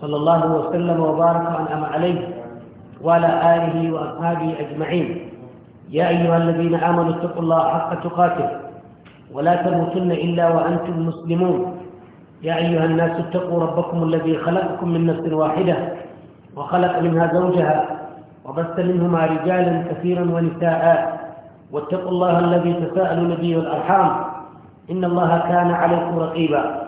صلى الله وسلم وبارك وأنعم عليه وعلى آله وأصحابه أجمعين يا أيها الذين آمنوا اتقوا الله حق تقاته ولا تموتن إلا وأنتم مسلمون يا أيها الناس اتقوا ربكم الذي خلقكم من نفس واحدة وخلق منها زوجها وبث منهما رجالا كثيرا ونساء واتقوا الله الذي تساءلون به والأرحام إن الله كان عليكم رقيبا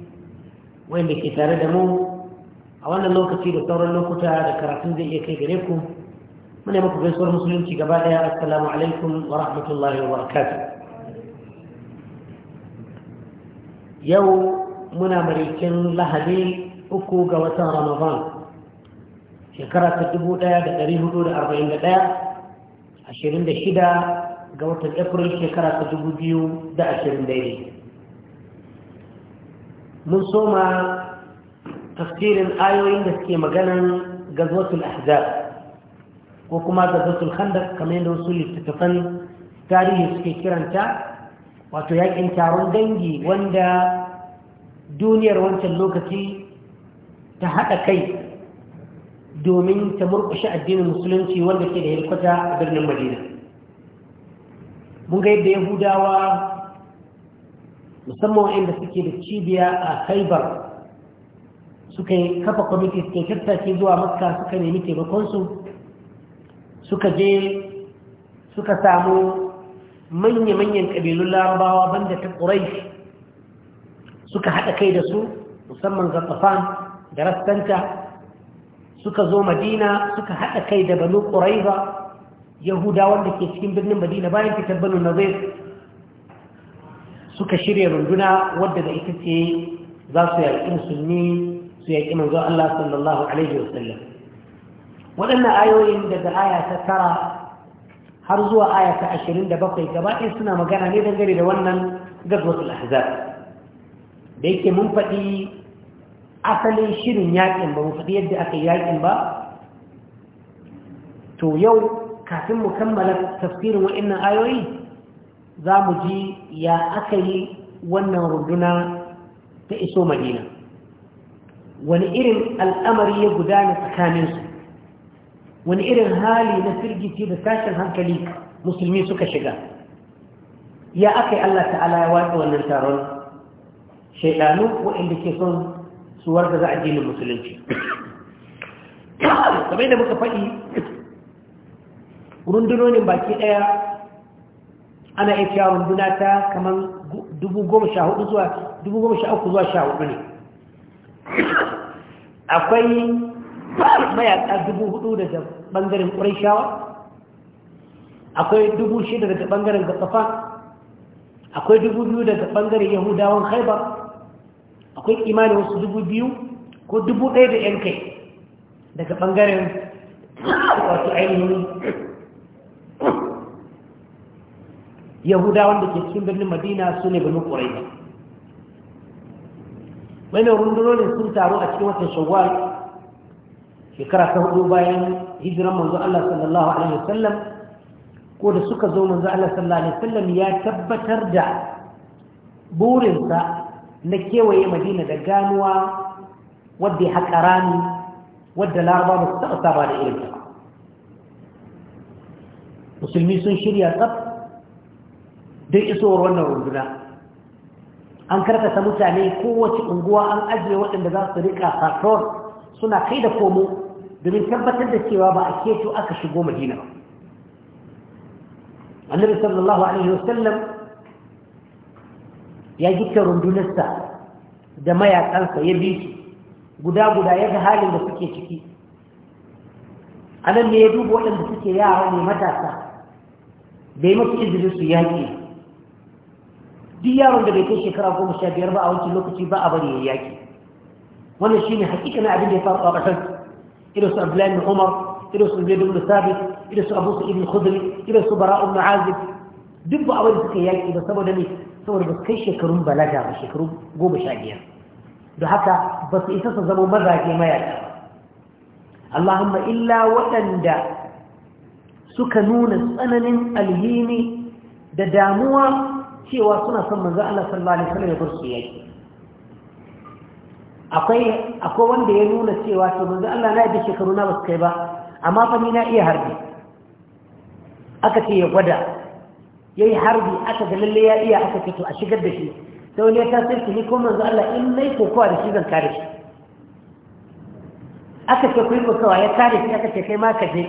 wanda ke tare da mu a wannan lokaci da sauran lokuta da karatun zai iya kai gare ku muna muku gaisuwar musulunci gaba daya assalamu alaikum wa rahmatullahi wa barakatuh yau muna marikin lahadi uku ga watan ramadan shekara ta dubu daya da dari hudu da arba'in da daya ashirin da shida ga watan april shekara ta dubu biyu da ashirin da daidai mun soma tafsirin ayoyin da suke maganan gazwatul ahzab ko kuma gazwatul khandaq kamar yadda wasu littattafan tarihi suke kiranta wato yakin taron dangi wanda duniyar wancan lokaci ta haɗa kai domin ta murƙushe addinin musulunci wanda ke da helikwata a birnin madina mun ga yadda yahudawa musamman waɗanda suke da cibiya a khaibar suka yi kafa kwamiti suke tattaki zuwa makka suka nemi taimakonsu suka je suka samu manya-manyan ƙabilun larabawa banda ta ƙuraish suka haɗa kai da su musamman zazzafan da rastanta suka zo madina suka haɗa kai da banu ƙuraiba yahudawan da ke cikin birnin madina bayan fitar banu zai. suka shirya runduna wadda da ita ce za su yaƙi musulmi su yaƙi manzo Allah sallallahu alaihi sallam. waɗannan ayoyin daga aya ta tara har zuwa aya ta ashirin da bakwai gaba ɗaya suna magana ne dangane da wannan gazwatul ahzab da yake mun faɗi asalin shirin yaƙin ba mu faɗi yadda aka yi yaƙin ba to yau kafin mu kammala tafsirin waɗannan ayoyi za mu ji ya aka yi wannan runduna ta iso madina wani irin al'amari ya gudana tsakaninsu wani irin hali na firgici da tashin hankali musulmi suka shiga ya aka yi Allah ta'ala ya watsa wannan taron shaidanu waɗanda ke son suwar da za a jinin musulunci kamar da muka faɗi rundunonin baki ɗaya ana iya cewa runduna ta kamar hudu zuwa uku zuwa 14 ne akwai mayaka 4,000 daga ɓangaren ƙwarishawa akwai 6,000 daga ɓangaren gasafa akwai 2,000 daga ɓangaren yahudawan haibar akwai imanin wasu 2,000 ko 1,000 da yankai kai daga ɓangaren wasu ainihin yahudawan da ke cikin birnin madina su ne banu ƙuraiba wannan rundunonin sun taru a cikin watan shawwal shekara ta hudu bayan hijiran manzo Allah sallallahu alaihi wasallam ko da suka zo manzo Allah sallallahu alaihi wasallam ya tabbatar da burinsa na kewaye madina da ganuwa wadda ya haƙa rani, wadda laraba ba su taɓa saba da irinta musulmi sun shirya tsaf don isowar wannan runduna an karkata mutane kowace unguwa an ajiye waɗanda za su rika patrol suna kai da komo domin tabbatar da cewa ba a keto aka shigo madina ba annabi sallallahu alaihi wasallam ya gita rundunarsa da mayakansa ya bi su guda guda ya ga halin da suke ciki anan ne ya duba waɗanda suke yara ne matasa bai masu izinin su yaƙi duk yaron da bai kai shekara goma sha biyar ba a wancan lokaci ba a bari ya yaki wannan shine hakika na abin da ya faru a ƙasar irin su abdullahi bin umar irin su zaid bin sabit irin su abu sa'id bin khudri irin su bara ibn azib duk ba a bari suka yaki ba saboda ne saboda ba su kai shekarun balaga ba shekaru goma sha biyar da haka ba su isa su zama mazaje mayaka Allahumma illa waɗanda suka nuna tsananin alhini da damuwa cewa suna son manzo Allah sallallahu alaihi wasallam ya bar su yayi akwai akwai wanda ya nuna cewa to manzo Allah na yi shekaru na basu kai ba amma fa ni na iya harbi aka ce ya gwada yayi harbi aka ga lalle ya iya aka ce to a shigar da shi sai wani ya tasir ki ni ko manzo Allah in nayi kokowa da shi zan kare shi aka ce ku yi kokowa ya kare shi aka ce kai ma ka je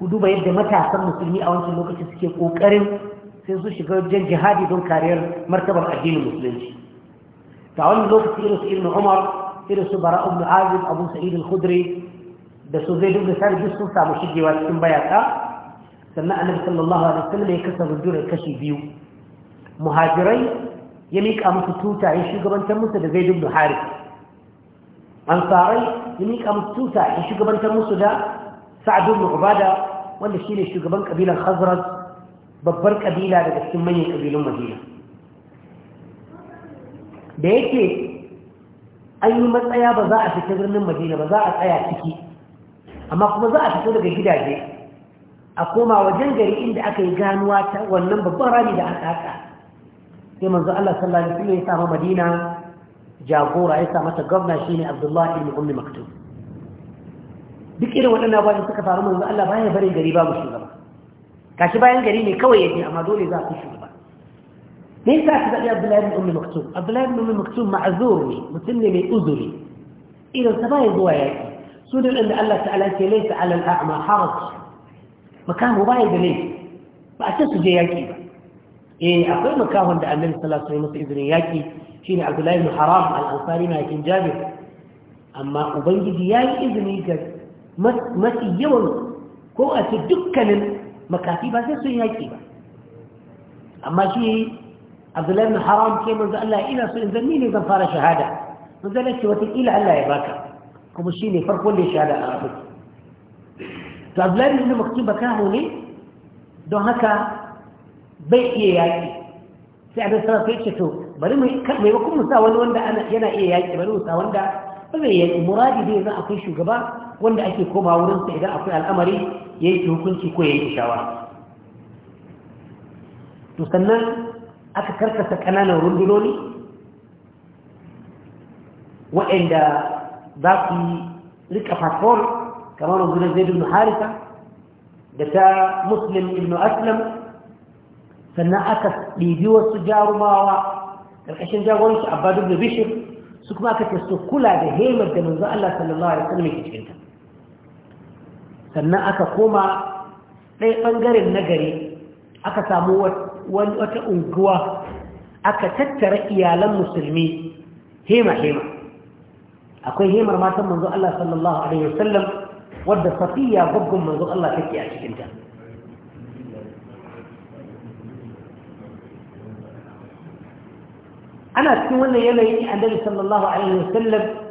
ku duba yadda matasan musulmi a wancan lokacin suke kokarin sai su shiga wajen jihadi don kariyar martabar addinin musulunci ta wani lokaci irin su irin umar irin su bara ibn azib abu sa'id al-khudri da su zai duk da sani sun samu shigewa cikin bayaka sannan annabi sallallahu alaihi wasallam ya kasa rundunar kashi biyu muhajirai ya mika musu tuta ya shugabantar musu da zai duk da harith ansarai ya mika musu tuta ya shugabantar musu da sa'ad ibn ubada wanda shine shugaban kabilar khazraj babbar kabila daga cikin manyan ƙabilun madina da yake an yi matsaya ba za a fita birnin madina ba za a tsaya ciki amma kuma za a fito daga gidaje a koma wajen gari inda aka yi ganuwa ta wannan babban rami da aka haka sai manzo Allah sallallahu alaihi wasallam ya samu madina jagora ya sa mata gwamna shine Abdullahi ibn Ummi Maktum duk irin waɗannan bayan suka faru manzo Allah baya barin gari babu shugaba gashi bayan gari ne kawai yaje amma dole za su kushe ba me yasa ka zabi Abdullahi ibn Ummi Maktum Abdullahi ibn Ummi Maktum ma'zur ne mutum ne mai uzuri idan sa bai zuwa yaki su da inda Allah ta'ala ce laysa 'ala al-a'ma haraj makamu bai da laifi ba a ce su je yaki ba eh akwai makahon da Annabi sallallahu alaihi wasallam izinin yaki shine Abdullahi ibn Haram al-Ansari ma yakin Jabir amma ubangiji yayi izini ga mafi yawan ko a ce dukkanin makafi ba sai sun yaƙi ba amma shi abdullahi haram ke manzo Allah ina so in zanni ne zan fara shahada manzo Allah ce wata ila Allah ya baka kuma shi ne farkon da shahada a Arabu to abdullahi ibn maktum bakahu ne don haka bai iya yaƙi sai abin sarar sai ce to bari mai maimakon musa wani wanda yana iya yaƙi bari musa wanda ba zai yaƙi muradi dai zan akwai shugaba wanda ake koma wurinsa idan akwai al'amari ya yi hukunci ko ya yi shawara to sannan aka karkasa ƙananan rundunoni waɗanda za su yi rika fasfor kamar rundunar zai dubnu harisa da ta muslim ibn aslam sannan aka ɗibi wasu jarumawa ƙarƙashin jagoranci abba dubnu bishir su kuma aka ce su kula da hemar da manzo Allah sallallahu alaihi wasallam ke cikinta sannan aka koma ɗaya ɓangaren nagari aka samu wata unguwa aka tattara iyalan musulmi hema-hema akwai hemar matan manzo Allah sallallahu Alaihi wasallam wadda safiya gwaggon manzo Allah take a cikinta ana cikin wannan yanayi annabi sallallahu Alaihi wasallam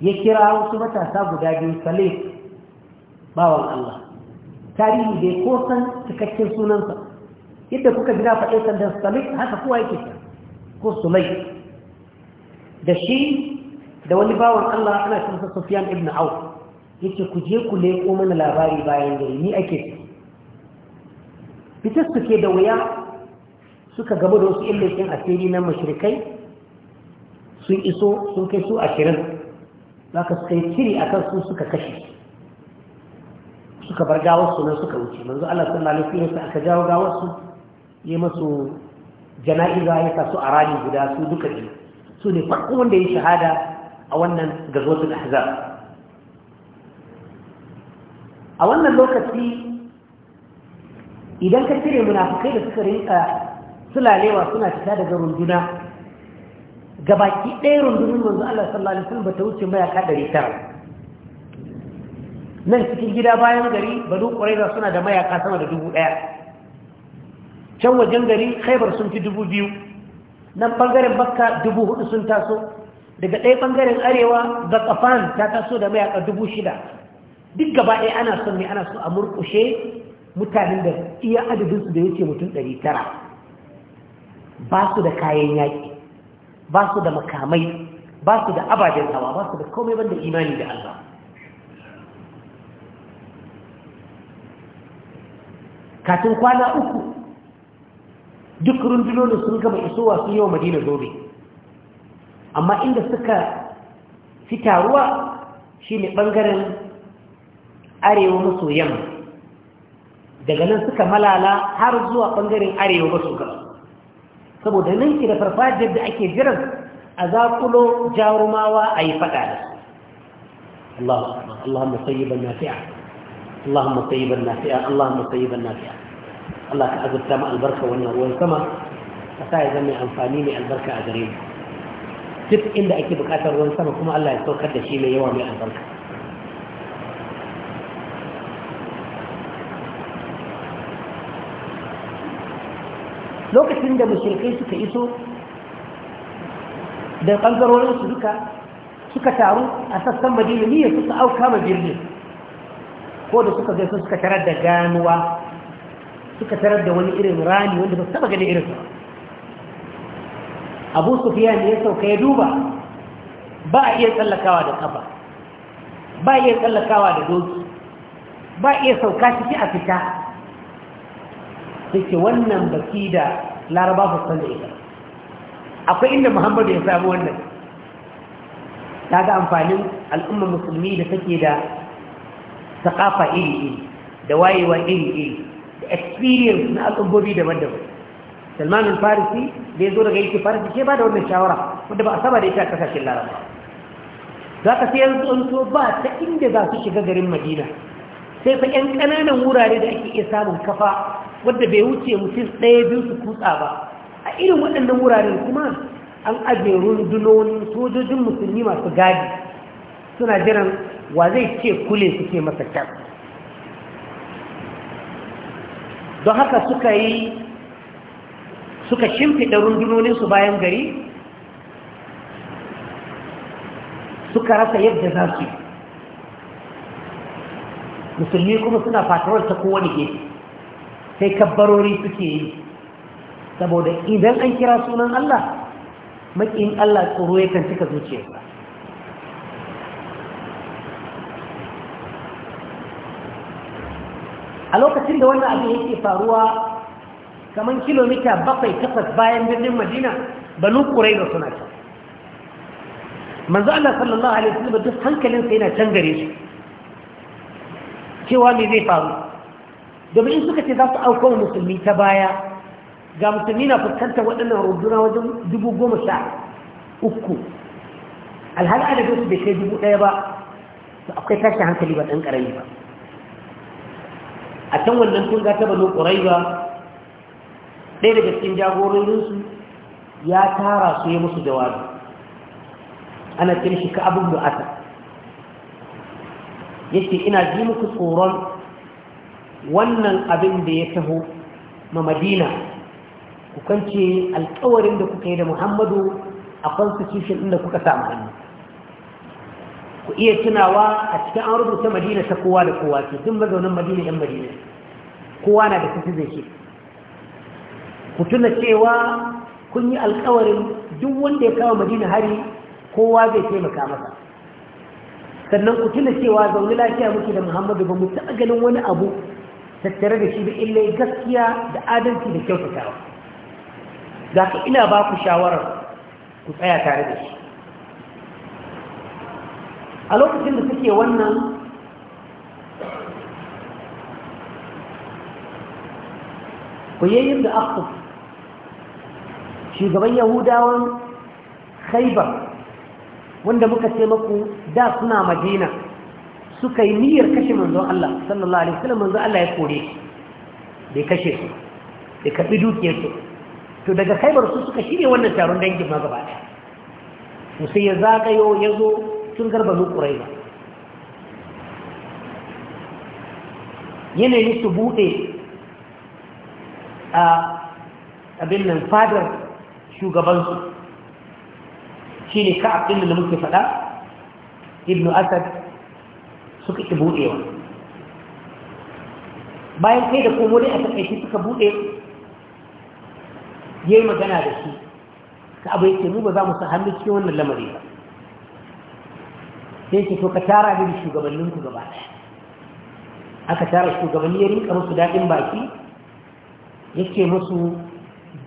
ya kira wasu matasa guda biyu salif bawan Allah tarihi bai ko san cikakken sunansa yadda kuka gina faɗe sandan salif haka kowa yake ko sulai da shi da wani bawan Allah ana sa Sufyan ibn Auf yake ku je ku leƙo mana labari bayan gari ni ake fitar suke da wuya suka gaba da wasu illakin asiri na mashirikai sun iso sun kai su ashirin za ka sai kiri a kan su suka kashe suka bar gawarsu nan suka wuce manzo Allah sallallahu alaihi wasallam aka jawo gawarsu yi masu jana'iza ya sa su a rani guda su duka biyu su ne farko wanda ya shahada a wannan gazwatul ahzab a wannan lokaci idan ka cire munafikai da suka rinka sulalewa suna fita daga runduna baki ɗaya rundunar manzo Allah sallallahu alaihi wasallam bata wuce mayaka ɗari tara nan cikin gida bayan gari banu ƙuraiza suna da mayaka sama da dubu ɗaya can wajen gari khaibar sun fi dubu biyu nan ɓangaren bakka dubu hudu sun taso daga ɗaya ɓangaren arewa ga kafan ta taso da mayaka dubu shida duk gaba ɗaya ana son ne ana so a murƙushe mutanen da iya adadinsu da yake mutum ɗari tara ba su da kayan yaƙi ba su da makamai ba su da ababen hawa ba su da komai banda imani da Allah katin kwana uku duk rundunonin sun gama isowa sun yi wa madina zobe amma inda suka fi taruwa shi ne ɓangaren arewa maso yamma daga nan suka malala har zuwa ɓangaren arewa maso gaba saboda nan da farfajiyar da ake jiran a zaƙulo jarumawa a yi faɗa da su Allahumma sayyiban nafi'a Allahumma Allahumma Allah ka azurta mu albarka wannan ruwan sama ka sa ya zama amfani mai albarka a gare duk inda ake buƙatar ruwan sama kuma Allah ya saukar da shi mai yawa mai albarka lokacin da mushrikai suka iso da ɓangarorin su duka suka taru a sassan madina niyyar suka auka ma birnin ko da suka zai suka tarar da ganuwa suka tarar da wani irin rani wanda ba su taba gani irinsa abu ne ya sauka ya duba ba a iya tsallakawa da kafa ba a iya tsallakawa da doki ba a iya sauka ciki a fita suke wannan baki da laraba su san da ita akwai inda muhammadu ya samu wannan ta ga amfanin al'umma musulmi da take da sakafa iri-iri da wayewa iri-iri da experience na al'ummomi daban-daban salmanin farisi da ya zo daga yake farisi ke ba da wannan shawara wadda ba a saba da ita a kasashen laraba za ka da yanzu ba ta inda za su shiga garin madina sai fa 'yan ƙananan wurare da ake iya samun kafa wadda bai wuce mutum ɗaya biyu su kutsa ba a irin waɗannan wuraren kuma an ajiye rundunonin sojojin musulmi masu gadi suna jiran wa zai ce kule suke masa kyan don haka suka yi suka shimfiɗa rundunoninsu bayan gari suka rasa yadda za su musulmi kuma suna fatawar ta kowane gefe sai kabbarori suke yi saboda idan an kira sunan Allah makin Allah tsoro yakan cika zuciyarsa a lokacin da wannan abin yake faruwa kamar kilomita bakwai takwas bayan birnin madina banu kurai da suna can manzo Allah sallallahu alaihi wasallam duk hankalinsa yana can gare su cewa me zai faru domin in suka ce za su auka musulmi ta baya ga musulmi na fuskantar waɗannan runduna wajen dubu goma sha uku alhali adadin su bai kai dubu ɗaya ba to akwai tashin hankali ba ɗan ƙarami ba a can wannan tun ga taɓa lokurai ba ɗaya daga cikin jagororinsu ya tara su ya musu jawabi ana cin shi ka abin da Ya yake ina ji muku tsoron wannan abin da ya taho ma madina ku kance alkawarin da kuka yi da muhammadu a constitution inda kuka samu hannu ku iya tunawa a cikin an rubuta madina ta kowa da kowa ce duk mazaunin madina yan madina kowa na da kusa zai ce ku tuna cewa kun yi alkawarin duk wanda ya kama madina hari kowa zai taimaka masa sannan ku tuna cewa zaune lafiya muke da muhammadu ba mu taɓa ganin wani abu tattare da shi da illai gaskiya da adalci da kyautatawa za ka ina ba ku shawarar ku tsaya tare da shi a lokacin da suke wannan kuyayin da akhuf shugaban yahudawan khaibar wanda muka ce maku da suna madina suka yi niyyar kashe manzon Allah sallallahu alaihi wasallam manzon Allah ya kore bai kashe su bai kabi dukiyar su to daga kaibar su suka shirye wannan taron dangin ma gaba ɗaya to sai ya zagayo ya zo tun garba nu ƙuraiba yanayin su buɗe a abin nan fadar shugabansu shi ne ka'ab ɗin da muke faɗa ibnu asad suka ki buɗewa bayan kai da komo dai a takaici suka buɗe yayi magana da shi ka abu yake mu ba za mu sa hannu cikin wannan lamari ba sai ke to ka tara da ku gaba ɗaya aka tara shugabanni ya rinka musu daɗin baki yake musu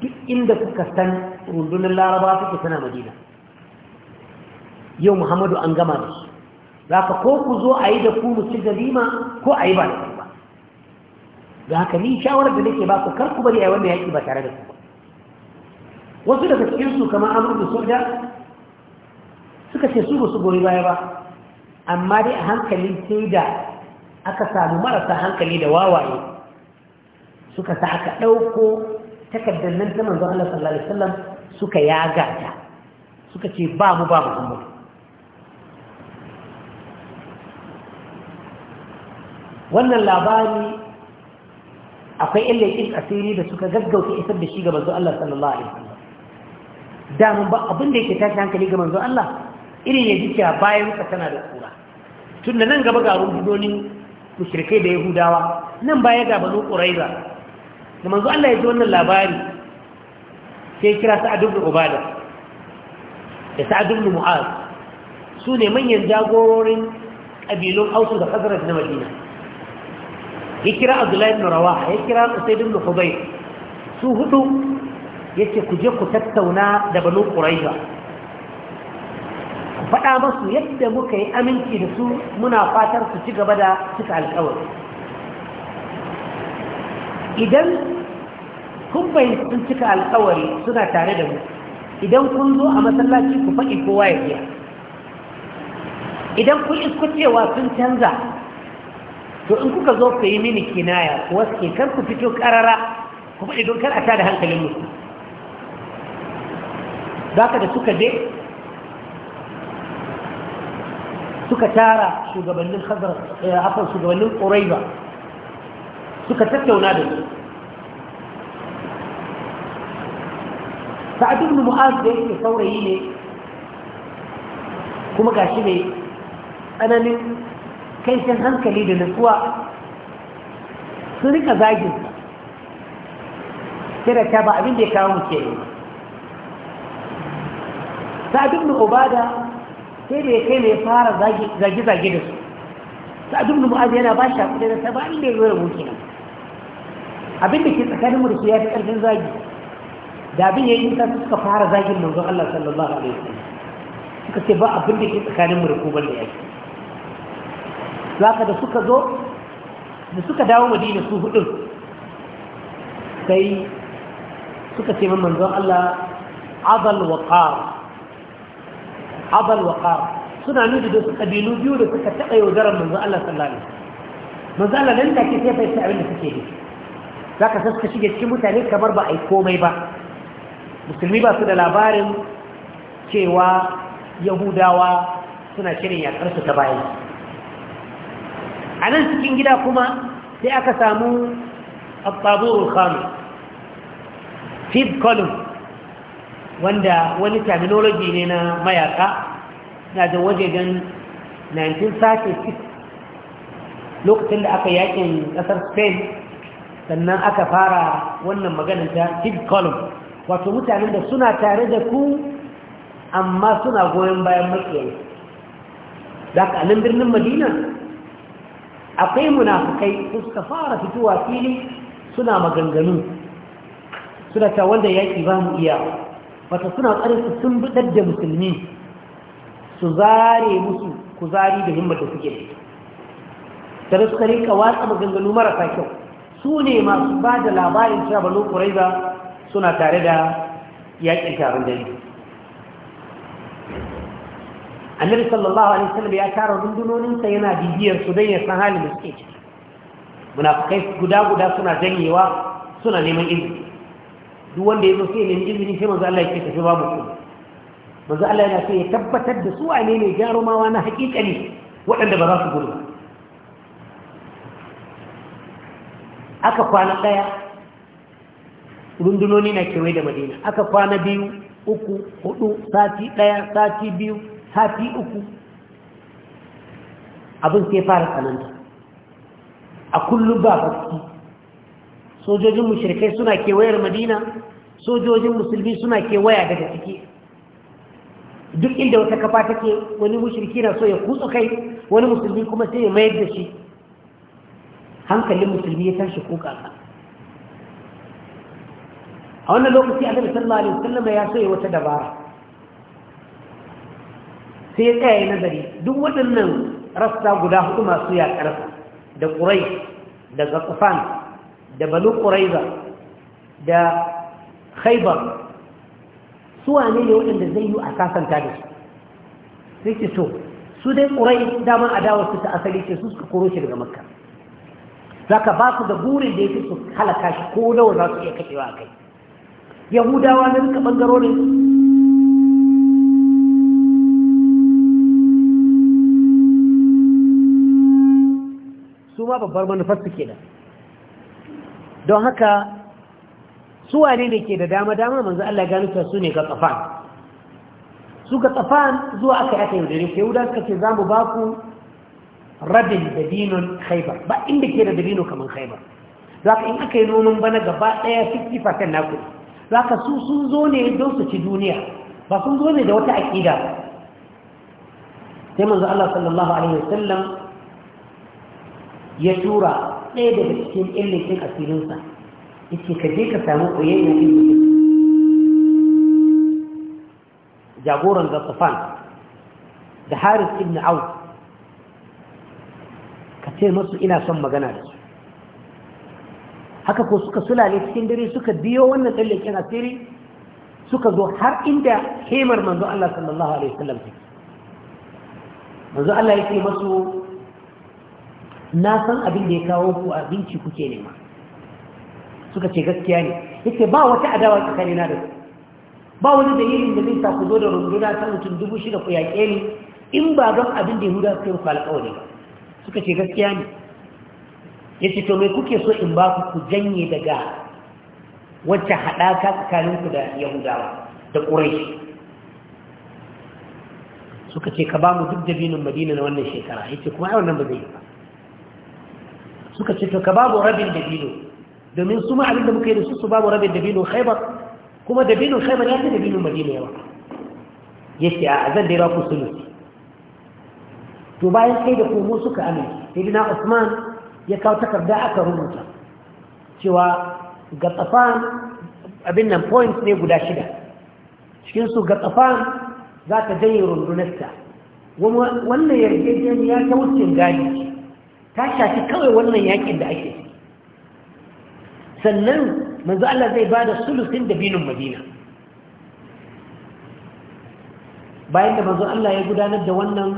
duk inda kuka san rundunar laraba suke tana madina yau muhammadu an gama da shi za ka ko ku zo a yi da ku musu galima ko a yi ba da ba da haka ni shawarar da nake ba ku kar ku bari a yi wannan yaƙi ba tare da ku wasu daga cikinsu kamar amur da soja suka ce su ba su gori baya ba amma dai a hankali sai da aka samu marasa hankali da wawaye suka sa aka ɗauko takardar nan ta manzon Allah sallallahu alaihi wasallam suka yaga ta suka ce ba mu ba mu wannan labari akwai illa yakin asiri da suka gaggauta isar da shi ga manzo Allah sallallahu alaihi wasallam da mun ba abin da yake tashi hankali ga manzo Allah irin ya jike bayan ka tana da kura tunda nan gaba ga rundunonin mushrikai da yahudawa nan baya ga banu quraiza da manzo Allah ya ji wannan labari sai kira sa'ad ibn ubada da sa'ad ibn mu'az su ne manyan jagororin kabilun ausu da khazraj na madina ya kira abdullahi ibn rawaha ya kira usaid ibn hubay su hudu yake ku je ku tattauna da banu quraiza ku faɗa masu yadda muka yi aminci da su muna fatar su ci gaba da cika alƙawari idan kun bayyana sun cika alƙawari suna tare da mu idan kun zo a masallaci ku faɗi kowa ya biya idan kun isko cewa sun canza to in kuka zo ku yi mini kinaya waske kar ku fito karara ku faɗi don kar a da hankalin musu za ka da suka je suka tara shugabannin hazar eh, afan shugabannin ƙorai suka tattauna da su sa'adun mu'az da yake saurayi ne kuma ga shi ne tsananin kai shan hankali da nutsuwa sun rika zagin kira ta ba abin da ya kawo ke yi sa'adun da obada sai da ya kai mai fara zage-zage da su sa'adun da mu'azi yana ba shi hakuri ba sabani da ya zo da muke nan abin da ke tsakanin mu da su ya fi ƙarfin zagi da abin ya yi ta suka fara zagin manzon Allah sallallahu alaihi wasallam suka ce ba abin da ke tsakanin mu da ku balle yake za ka da suka zo da suka dawo madina su hudun sai suka ce manzon Allah azal wa azal suna nuni da su kabilu biyu da suka taɓa yaudarar manzo Allah sallallahu alaihi Allah nan take sai fa abin da suke yi zaka saska shige cikin mutane kamar ba yi komai ba musulmi ba su da labarin cewa yahudawa suna shirin yakar su ta bayan a nan cikin gida kuma sai aka samu abbaburul khamis fifth column wanda wani terminology ne na mayaka na da wajejen 1936 lokacin da aka yakin kasar spain sannan aka fara wannan maganin ta fifth column wato mutanen da suna tare da ku amma suna goyon bayan makiyayi da ka nan birnin madina akwai munafukai suka fara fituwa fili suna maganganu suna ta wanda yaƙi ba mu iya wata suna su sun buɗar da musulmi su zare musu kuzari da himmar da suke da da suka rinka watsa maganganu marasa kyau su ne masu ba da labarin cewa lokurai ba, suna tare da yaƙin taron dare annabi sallallahu alaihi wasallam ya tara sa yana bibiyar su dan ya san halin da suke ciki munafukai guda guda suna janyewa suna neman izini duk wanda ya zo sai neman izini sai manzo Allah ya ce tafi babu ku manzo Allah yana so ya tabbatar da su wane ne jarumawa na hakika ne waɗanda ba za su gudu ba aka kwana ɗaya rundunoni na kewaye da madina aka kwana biyu uku hudu sati ɗaya sati biyu sati uku abin sai fara tsananta a kullum ba baki sojojin mushrikai suna kewayar madina sojojin musulmi suna kewaya daga ciki duk inda wata kafa take wani mushirki na so ya kutsu kai wani musulmi kuma sai ya mayar da shi hankalin musulmi ya tashi kuka a wannan lokaci a sallallahu alaihi wasallam ya so ya wata dabara sai ya yi nazari duk waɗannan rasta guda hudu masu yaƙarsa da ƙurai da zakufan da balu da haibar, suwa ne ne waɗanda zai yi a kasanta da su sai ce to su dai ƙurai dama adawar su ta asali ce su suka koro shi daga makka za ka ba su da burin da ya fi su halaka shi ko nawa za su iya kaɗewa a kai yahudawa na duka ɓangarorin su ma babbar manufar su da. don haka su wane ne ke da dama dama manzu Allah gano ta su ne ga tsafan su ga tsafan zuwa aka yata yi dare sai wuda suka ce za mu baku rabin rabin dinon haibar ba inda ke da dabino kamar haibar za ka in aka yi noman bana gaba ɗaya fatan naku za ka su sun zo ne don su ci duniya ba sun zo ne da wata aƙida sai manzu Allah sallallahu alaihi wasallam ya tura ɗaya daga cikin ɗin laifin asirinsa ya ka je ka samu koyayya ilmi jagoran gatsafan da haris ibn au ka ce masu ina son magana da su haka ko suka sulale cikin dare suka biyo wannan tsallakin asiri suka zo har inda hemar manzo Allah sallallahu alaihi wasallam take manzo Allah yake masu na san abin da ya kawo ku abinci kuke nema suka ce gaskiya ne yake ba wata adawa tsakani na da su. ba wani da yin da zai sa ku zo da runduna ta mutum dubu shida ku yaƙe ni in ba don abin da yahuda suka yi ku alƙawari ba suka ce gaskiya ne ya ce to mai kuke so in ba ku ku janye daga wacce haɗaka ku da yahudawa da ƙurai suka ce ka ba mu duk jabinin madina na wannan shekara ya ce kuma ai wannan ba zai yi ba suka ce ka babu rabin dabino domin su ma abinda muka yi da su su babu rabin dabino khaibar kuma dabino khaibar ya fi dabino madina yawa ya ce a zan dai ba ku sulusi to bayan kai da komo suka amince sai usman ya kawo takarda aka rubuta cewa ga tsafan abin nan points ne guda shida cikinsu ga tsafan za ta janye rundunarta wannan yarjejeniya ta wucin gadi ta shafi kawai wannan yakin da ake ciki sannan manzo Allah zai ba da sulusin dabinin madina bayan da manzo Allah ya gudanar da wannan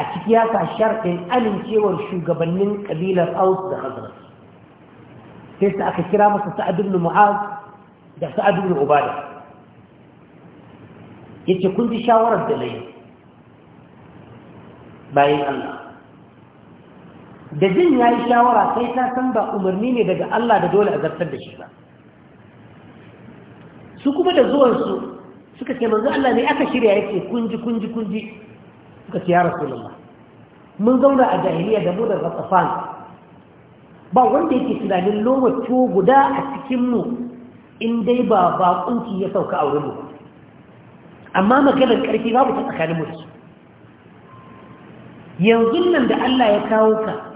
a ciki ya sa sharɗin amincewar shugabannin ƙabilar aus da hazrat sai sa aka kira masa sa'ad ibn mu'az da sa'ad ibn ubada yace kun ji shawarar da nayi bayan Allah da jin ya yi shawara sai ta san ba umarni ne daga Allah da dole a zartar da shi ba su kuma da zuwansu suka ce manzo Allah ne aka shirya yake kunji kunji kunji suka ce ya rasulullah mun zauna a jahiliya da mu da ba wanda yake tunanin lomato guda a cikin mu in dai ba bakunci ya sauka a wurin mu amma maganar karfi babu ta tsakanin mu yanzu nan da Allah ya kawo ka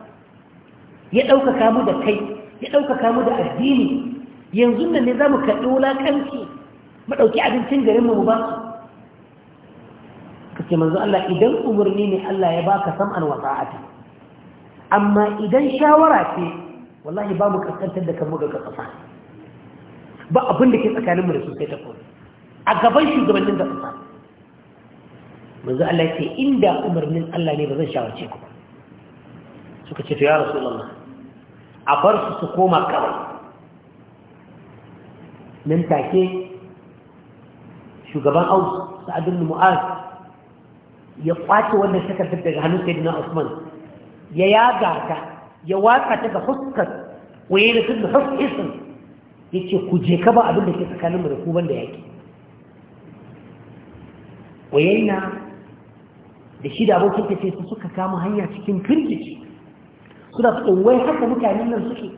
ya ɗaukaka mu da kai ya ɗaukaka mu da addini yanzu nan ne za mu kaɗi wulaƙanci maɗauki abincin garinmu mu ba ka ce manzo Allah idan umarni ne Allah ya baka sam'an wa sa'ata amma idan shawara ce wallahi ba mu kaskantar da kanmu ga kasa ba abin da ke tsakaninmu da su sai ta kone a gaban shugabannin da kasa manzo Allah ya ce inda umarnin Allah ne ba zan shawarce ku ba. suka ce ya rasulullah a bar su su koma kawai nan take shugaban aus sa'adun mu'az ya kwace wannan takardar daga hannun sayyidina usman ya yaga ta ya waka ta ga fuskar waye da tun da ya ce ku je ka ba abin da ke tsakanin mu da ku banda yaki na da shi da abokin ta ce su suka kama hanya cikin firgici suna faɗin wai haka mutanen nan suke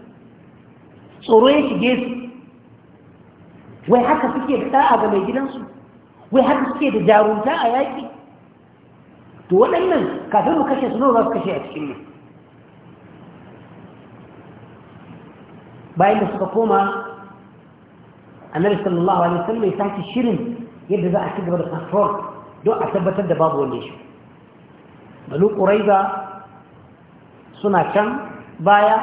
tsoro ya shige su wai haka suke da ɗa'a ga mai gidansu wai haka suke da jarunta a yaƙi to waɗannan kafin mu kashe su nawa za su kashe a cikin nan bayan da suka koma annabi sallallahu alaihi wasallam ya sake shirin yadda za a ci gaba da control don a tabbatar da babu wanda shi banu quraiza suna can baya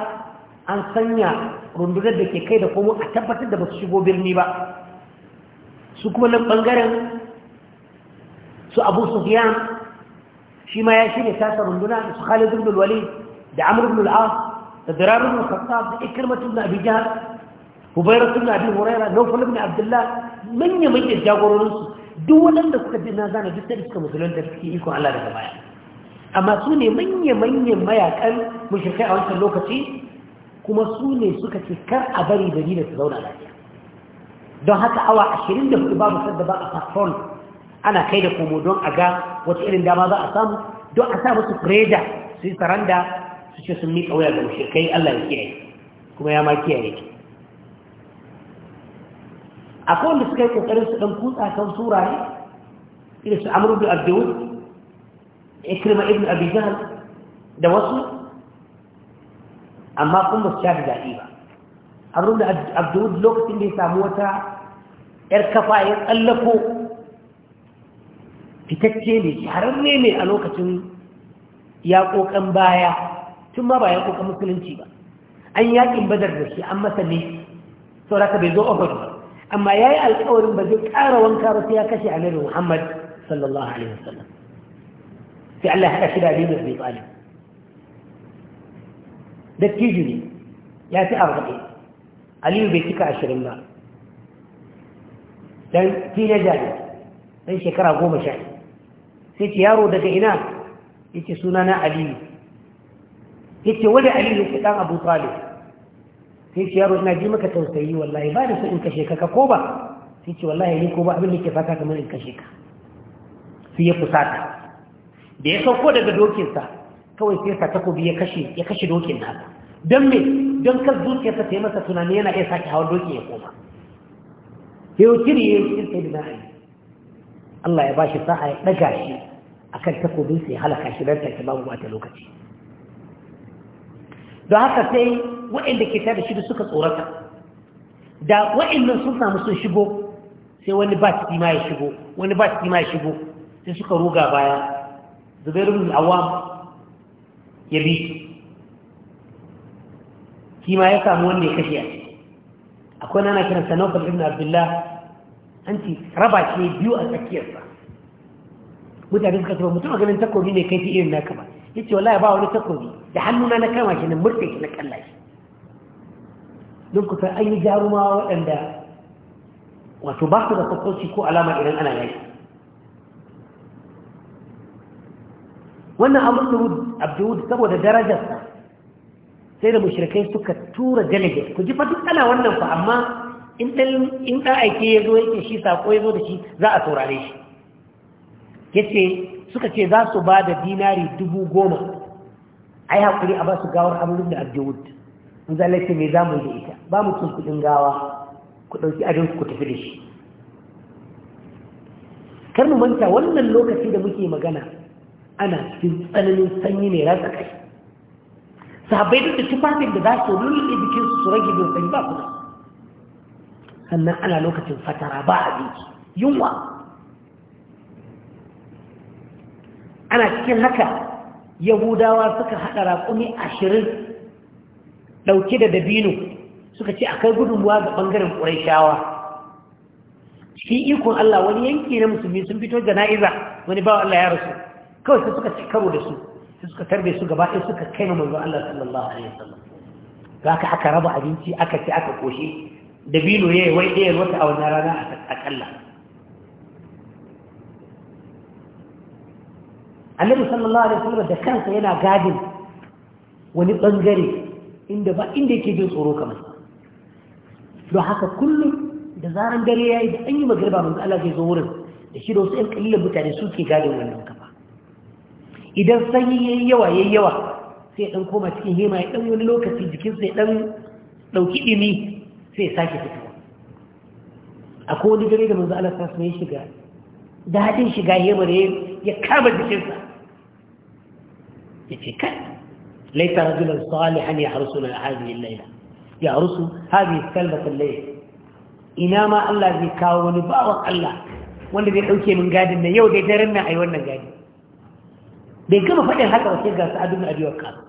an sanya rundunar da ke kai da komo a tabbatar da ba su shigo birni ba su kuma nan bangaren su abu sufiyan shi ma ya shi ne tasa runduna da su khalid ibn al da amr ibn al-as da dirar ibn al-khattab da ikrimah ibn abi jahl hubayra ibn abi hurairah nawfal ibn abdullah manya manyan jagororinsu duk waɗanda suka bi zana duk da musulun da suke iko Allah daga baya amma su ne manya-manyan mayakan mushrikai a wancan lokaci kuma su ne suka ce kar a bari da nina su zauna lafiya don haka awa 24 babu sadda ba a patrol ana kai da komo don a ga wata irin dama za a samu don a sa musu freda su yi saranda su ce sun miƙa wuya ga mushrikai Allah ya kiyaye kuma ya ma kiyaye akwai wanda suka yi kokarin su dan kutsa kan sura ne su amru abdul ikrima ibn abi jahal da wasu amma kun ba su shafi daɗi ba abin da lokacin da ya samu wata ‘yar kafa ya tsallako fitacce ne shahararre ne a lokacin yaƙoƙan baya tun ma ba yaƙoƙan musulunci ba an yaƙin badar da shi an masa ne sauraka bai zo ofar ba amma ya yi alƙawarin ba zai ƙara wanka ba sai ya kashe annabi muhammad sallallahu alaihi wasallam sai Allah ya haɗa shi da Ali bin Abi Talib dattijo ne ya fi arba'in aliyu bai cika ashirin ba dan teenager jari, dan shekara goma sha sai ce yaro daga ina yace suna na aliyu yace wani aliyu ki dan abu talib sai ce yaro ina ji maka tausayi wallahi ba da so in kashe ka ka ko ba sai ce wallahi ni ko ba abin da ke fata kamar in kashe ka sai ya fusata da ya sauko daga dokinsa kawai sai sa takobi ya kashe kashe dokin nasa don me don kan zuciyarsa ta yi masa tunani yana iya sake hawan dokin ya koma ya yi kiri ya yi cikin sai da na'ayi Allah ya ba shi sa'a ya ɗaga shi a kan takobinsa ya halaka shi don tafi babu wata lokaci don haka sai waɗanda ke tare shi da suka tsorata da waɗannan sun samu sun shigo sai wani ba ma ya shigo wani ba ma ya shigo sai suka ruga baya zubairu awa awam ya bi su shi ma ya samu wanda kashe a akwai nana kiran sanofar ibn abdullah an ci biyu a tsakiyarsa mutane suka saba mutum a ganin takobi ne kai fi irin naka ba ya ce wallahi ba wani takobi da hannuna na kama shi na murta shi na kalla jarumawa wato ba su da ko alama idan ana yaki wannan abdurud saboda darajarsa sai da mushrikai suka tura delegate ku ji fa duk wannan fa amma in dan in ya aike yazo yake shi sako yazo da shi za a saurare shi yace suka ce za su ba da dinari dubu goma ai hakuri a ba su gawar amrun da abdurud in za zalace me za mu yi ita ba mu cin kudin gawa ku dauki adin ku tafi da shi kar mu manta wannan lokaci da muke magana ana cikin tsananin sanyi ne ratsa kai sahabbai duk da tufafin da za su lulluɓe bikin su rage bin sanyi ba kuma sannan ana lokacin fatara ba abinci yunwa ana cikin haka yahudawa suka haɗa raƙumi ashirin ɗauke da dabino suka ce kai gudunmuwa ga ɓangaren ƙuraishawa cikin ikon Allah wani yanki na musulmi sun fito jana'iza wani bawa Allah ya rasu kawai su suka ci karo da su su suka tarbe su gaba ɗaya suka kai ma manzon Allah sallallahu alaihi wasallam za ka aka raba abinci aka ce aka koshe dabino yayi wai ɗaya wata a wannan rana a ƙalla annabi sallallahu alaihi wasallam da kansa yana gadin wani bangare inda ba inda yake jin tsoro kamar don haka kullum da zaran dare ya yi da an yi magarba manzo Allah zai zo wurin da shi da wasu ɗan ƙalilan mutane suke gadin wannan kamar idan sanyi yayi yawa yayi yawa sai dan koma cikin hema ya dan wani lokaci jikin sai dan dauki dimi sai sake fitowa akwai wani dare da manzo Allah ta sanya shiga dadin shiga hema ne ya kama jikinsa yace kai laita rajulan salihan ya harsuna hadhihi al-layla ya harsu hadhihi kalbat al-layl ina ma Allah zai kawo wani bawon Allah wanda zai dauke min gadin na yau dai daren nan ai wannan gadin bai gama faɗin haka ba ga sa'adu na abiyar ƙasa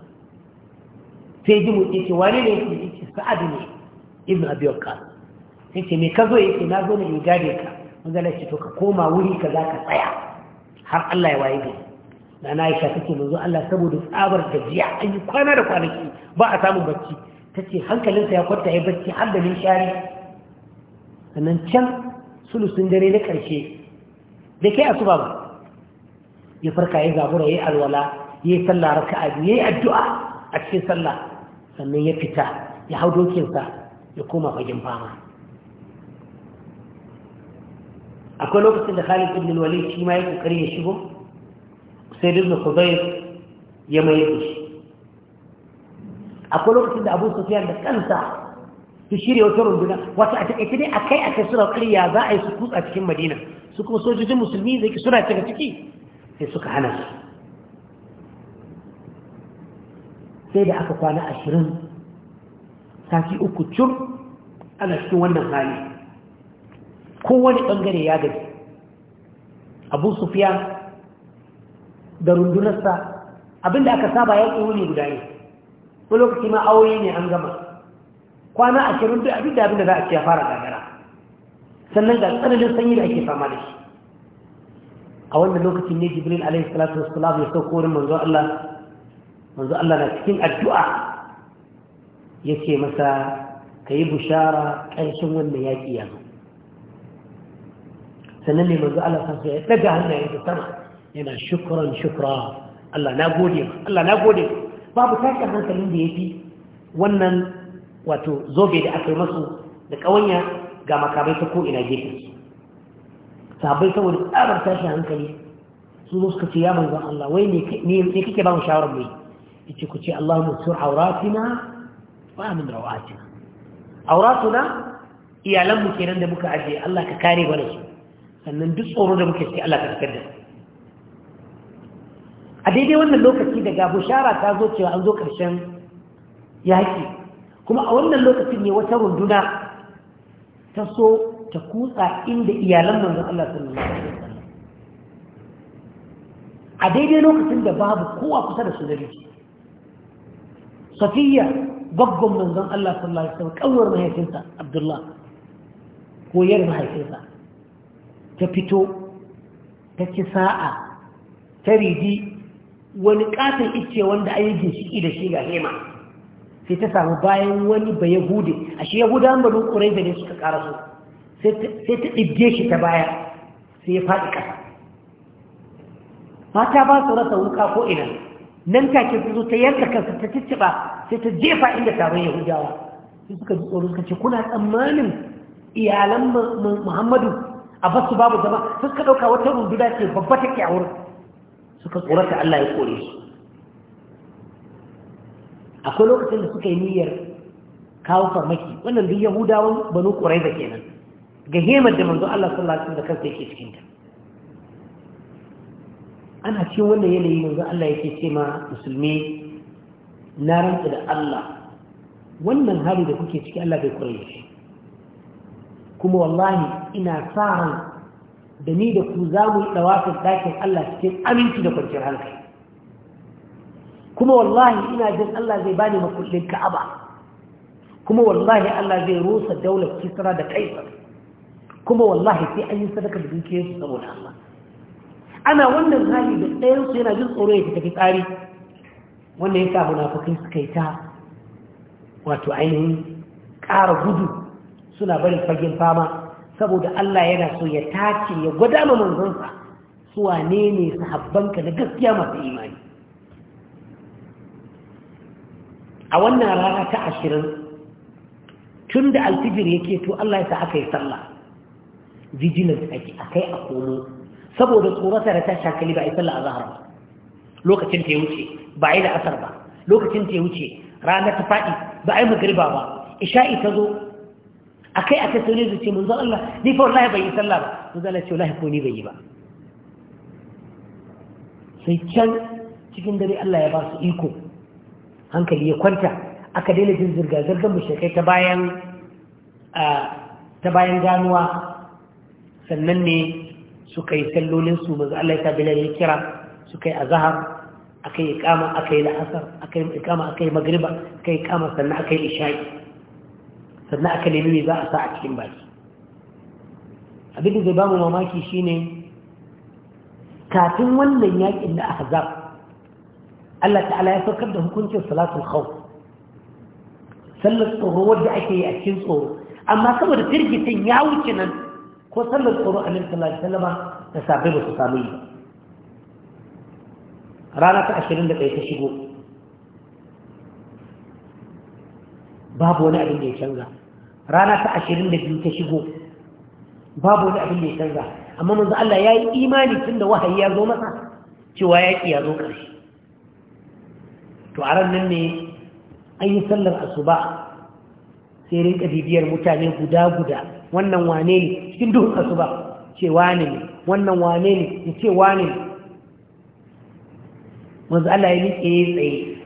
sai ji mutu ce wani ne yake yake sa'adu ne ibn abiyar ƙasa sai ce me ka zo yake na zo na yi gade ka manzala ce to ka koma wuri ka za ka tsaya har Allah ya waye gani na na aisha take manzo Allah saboda tsabar gajiya an yi kwana da kwanaki ba a samun bacci ce hankalinsa ya kwanta ya bacci har da nishari sannan can sulusun dare na ƙarshe da ke asuba ba ya farka ya zabura ya alwala ya yi sallah raka biyu ya yi addu'a a cikin sallah sannan ya fita ya hau dokinsa ya koma fagen fama akwai lokacin da Khalid ibn Walid shi ma ya kokari ya shigo sai duk da Khubayr ya mai shi akwai lokacin da Abu sufiyar da kansa su shirya wata runduna wata a a dai a kai suna ƙarya za a yi su kutsa cikin Madina su kuma sojojin musulmi zai ki suna cika ciki sai suka hana su sai da aka kwana ashirin sati uku cur ana cikin wannan hali kowane ɓangare ya gaji abu sufiya da rundunarsa abinda aka saba ya wuni guda ne ko lokaci ma aure ne an gama kwana ashirin duk abinda abinda za a ce fara gagara sannan ga tsananin sanyi da ake fama da shi a wannan lokacin ne jibril alaihi salatu wassalam ya sauko wurin manzo Allah manzo Allah na cikin addu'a yace masa kai bushara ƙarshen wannan yaƙi ya zo sannan ne manzo Allah sansa ya daga hannayen ta sama yana shukran shukra Allah na gode Allah na gode babu tashin hankalin da yafi wannan wato zobe da aka yi masu da kawanya ga makamai ta ko ina gefe sahabbai saboda tsabar tashin hankali su zo suka ce ya manzan Allah wai ne kake ba mu shawarar mai yace ku ce Allahumma sur auratina wa amin rawatina auratuna iyalan mu kenan da muka aje Allah ka kare mana su sannan duk tsoro da muke ci Allah ka tsare da a daidai wannan lokaci daga bushara ta zo cewa an zo karshen yaƙi kuma a wannan lokacin ne wata runduna ta so ta kutsa inda iyalan manzon Allah sallallahu alaihi a daidai lokacin da babu kowa kusa da su da riki safiya gwaggon manzon Allah sallallahu alaihi wasallam kawar mahaifinsa abdullah ko yar mahaifinsa ta fito ta ci sa'a ta riji. wani katon icce wanda ayi yi ginshiki da shi ga hema sai ta samu bayan wani ba yahudi ashe ba banu ƙurai da ne suka ƙara su sai ta ɗibge shi ta baya sai ya faɗi ƙasa mata ba su rasa wuka ko ina nan take su zo ta yanka kansu ta cicciɓa sai ta jefa inda taron yahudawa sai suka ji tsoron suka ce kuna tsammanin iyalan muhammadu a basu babu zama suka ɗauka wata runduna ce babba take a wurin suka tsorata allah ya kore su akwai lokacin da suka yi niyyar kawo farmaki wannan duk yahudawan banu ƙurai da kenan hemar da manzo Allah sallallahu alaihi wasallam da kansa yake cikin ta ana ci wannan yanayi manzo Allah yake ce ma musulmi na rantsa da Allah wannan hali da kuke ciki Allah bai kore shi kuma wallahi ina sa ran da ni da ku za mu yi dawafin dakin Allah cikin aminci da kwanciyar hankali kuma wallahi ina jin Allah zai bani makullin Ka'aba kuma wallahi Allah zai rusa daular Kisra da Kaisar kuma wallahi sai an yi sadaka da su saboda Allah ana wannan hali da ɗayansu yana jin tsoro ya tafi tsari wannan ya sa munafukai suka yi ta wato ainihin ƙara gudu suna bari fagen fama saboda Allah yana so ya tace ya gwada ma manzansa su wane ne sahabbanka na gaskiya masu imani a wannan rana ta ashirin tun da alfijir yake to Allah ya sa aka yi sallah vigilant ake a kai a komo saboda tsorata da ta shakali ba a yi sallah azahar ba lokacin ta ya wuce ba a yi da asar ba lokacin ta ya wuce ranar ta faɗi ba a yi magariba ba isha'i ta zo a kai a tattaune su ce munzo Allah ni fa wallahi bai yi sallah ba munzo Allah ce wallahi ko ni bai yi ba sai can cikin dare Allah ya ba su iko hankali ya kwanta aka daina jin zirga-zirgar mushrikai ta bayan ah, ta bayan ganuwa sannan ne suka yi sallolinsu mazu Allah ya bilal ya kira suka yi azahar aka yi ikama aka yi la'asar aka yi ikama aka yi magriba aka yi ikama sannan aka yi isha'i sannan aka nemi me za a sa a cikin baki abin da zai ba mu mamaki shi ne, kafin wannan yaƙin da ahzab Allah ta'ala ya saukar da hukuncin salatul khawf sallar tsoro wadda ake yi a cikin tsoro amma saboda firgitin ya wuce nan ko sallar tsoro a nufin sallar sallama da safe ba su samu yi rana ta ashirin da ɗaya ta shigo babu wani abin da ya canza rana ta ashirin da biyu ta shigo babu wani abin da ya canza amma manzo Allah ya yi imani tun da wahayi ya zo masa cewa yaƙi ya zo ƙarshe to a ran nan ne an yi sallar asuba sai rinka bibiyar mutane guda-guda wannan wane ne cikin su ba ce wane ne wannan wane ne ya ce wane ne manzo Allah ya miƙe ya tsaye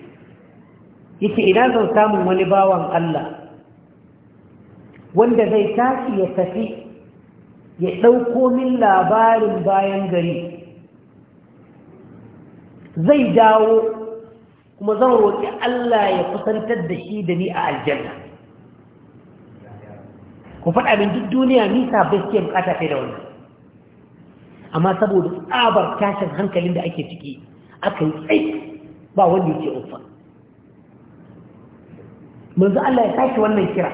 yake idan zan samu wani bawan Allah wanda zai tashi ya tafi ya ɗauko min labarin bayan gari zai dawo kuma zan roƙi Allah ya kusantar da shi da ni a aljanna ku faɗa min duk duniya nisa bai suke bukata kai da wani. amma saboda tsabar tashin hankalin da ake ciki aka yi tsaye ba wanda yake ofa manzu Allah ya sake wannan kira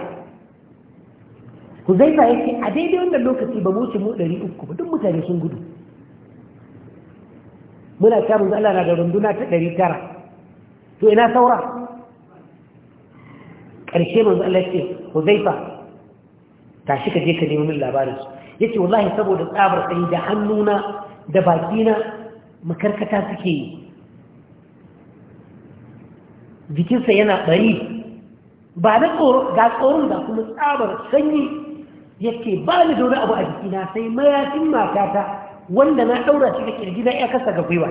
Ku zai ya yake a daidai wannan lokaci ba mu mu uku ba duk mutane sun gudu muna ta manzu Allah na da runduna ta ɗari tara. to ina saura ƙarshe manzu Allah ya ce ku sa. tashi ka je ka nemi min labarin su yace wallahi saboda tsabar sai da hannuna da bakina makarkata suke yi Bikinsa yana bari ba da tsoro ga tsoron da kuma tsabar sanyi yake ba ni da wani abu a bikina, sai mayafin matata wanda na daura shi da kirji na kasa ga gwiwa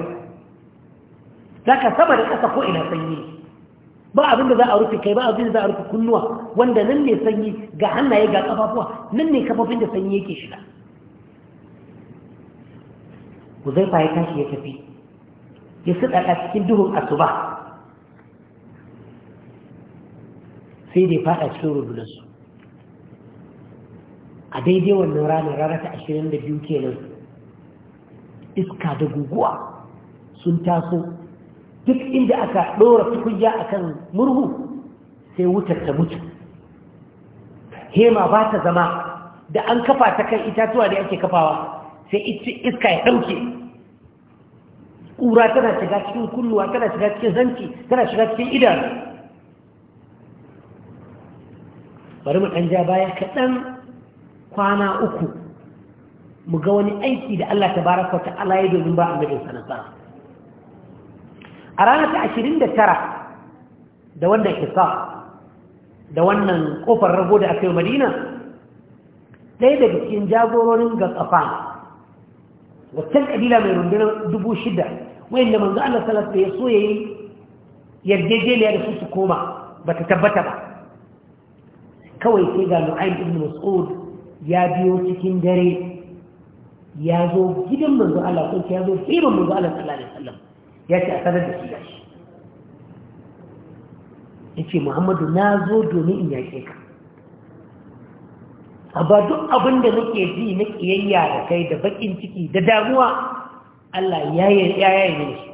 zaka sama da kasa ko ina sanyi ba abin da za a rufe kai ba abin da za a rufe kunnuwa wanda nan ne sanyi ga hannaye ga kafafuwa nan ne kafafin da sanyi yake shiga Ku zai fa ya tashi ya tafi ya suɗaɗa cikin duhun asuba sai dai faɗa cikin rubunansu. a daidai wannan ranar rana ta ashirin da biyu kenan iska da guguwa sun taso duk inda aka ɗora tukunya akan murhu sai wutar ta mutu hema ba ta zama da an kafa ta kan itatuwa da ake kafawa sai iska ya ɗauke ƙura tana shiga cikin kulluwa, tana shiga cikin zanci tana shiga cikin idan bari mu ɗan ja baya kaɗan kwana uku mu ga wani aiki da Allah ta baraka ta ala domin ba a mai sana a ranar ta ashirin da tara da wannan isa da wannan kofar rago da aka yi madina ɗaya daga cikin jagororin ga ƙafa waccan ƙabila mai rundunar dubu shida wayanda manzo Allah salatu ya so ya yi yarjejeniya da su su koma ba ta tabbata ba kawai sai ga nu'ayin ibn mas'ud ya biyo cikin dare ya zo gidan manzo Allah ko ya zo hirin manzo Allah sallallahu alaihi wasallam ya ce a sanar da shi gashi ya ce muhammadu na zo domin in yaƙe ka ba duk abin da nake ji na ƙiyayya da kai da baƙin ciki da damuwa allah ya yaye ne shi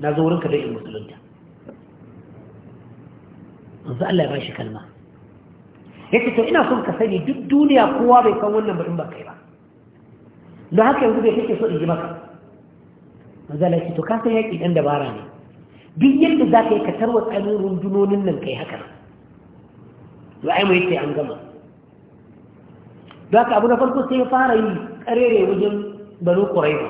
na zo wurinka da yin musulunta yanzu allah ya ba shi kalma ya ce to ina son ka sani duk duniya kowa bai san wannan ba ba kai ba don haka yanzu bai kake so in ji maka manzala ce to kasan yaƙi ɗan dabara ne duk yadda za ka yi ka tarwa tsanin rundunonin nan kai haka ai mai ce an gama da abu na farko sai ya fara yi karere wajen banu ƙuraiba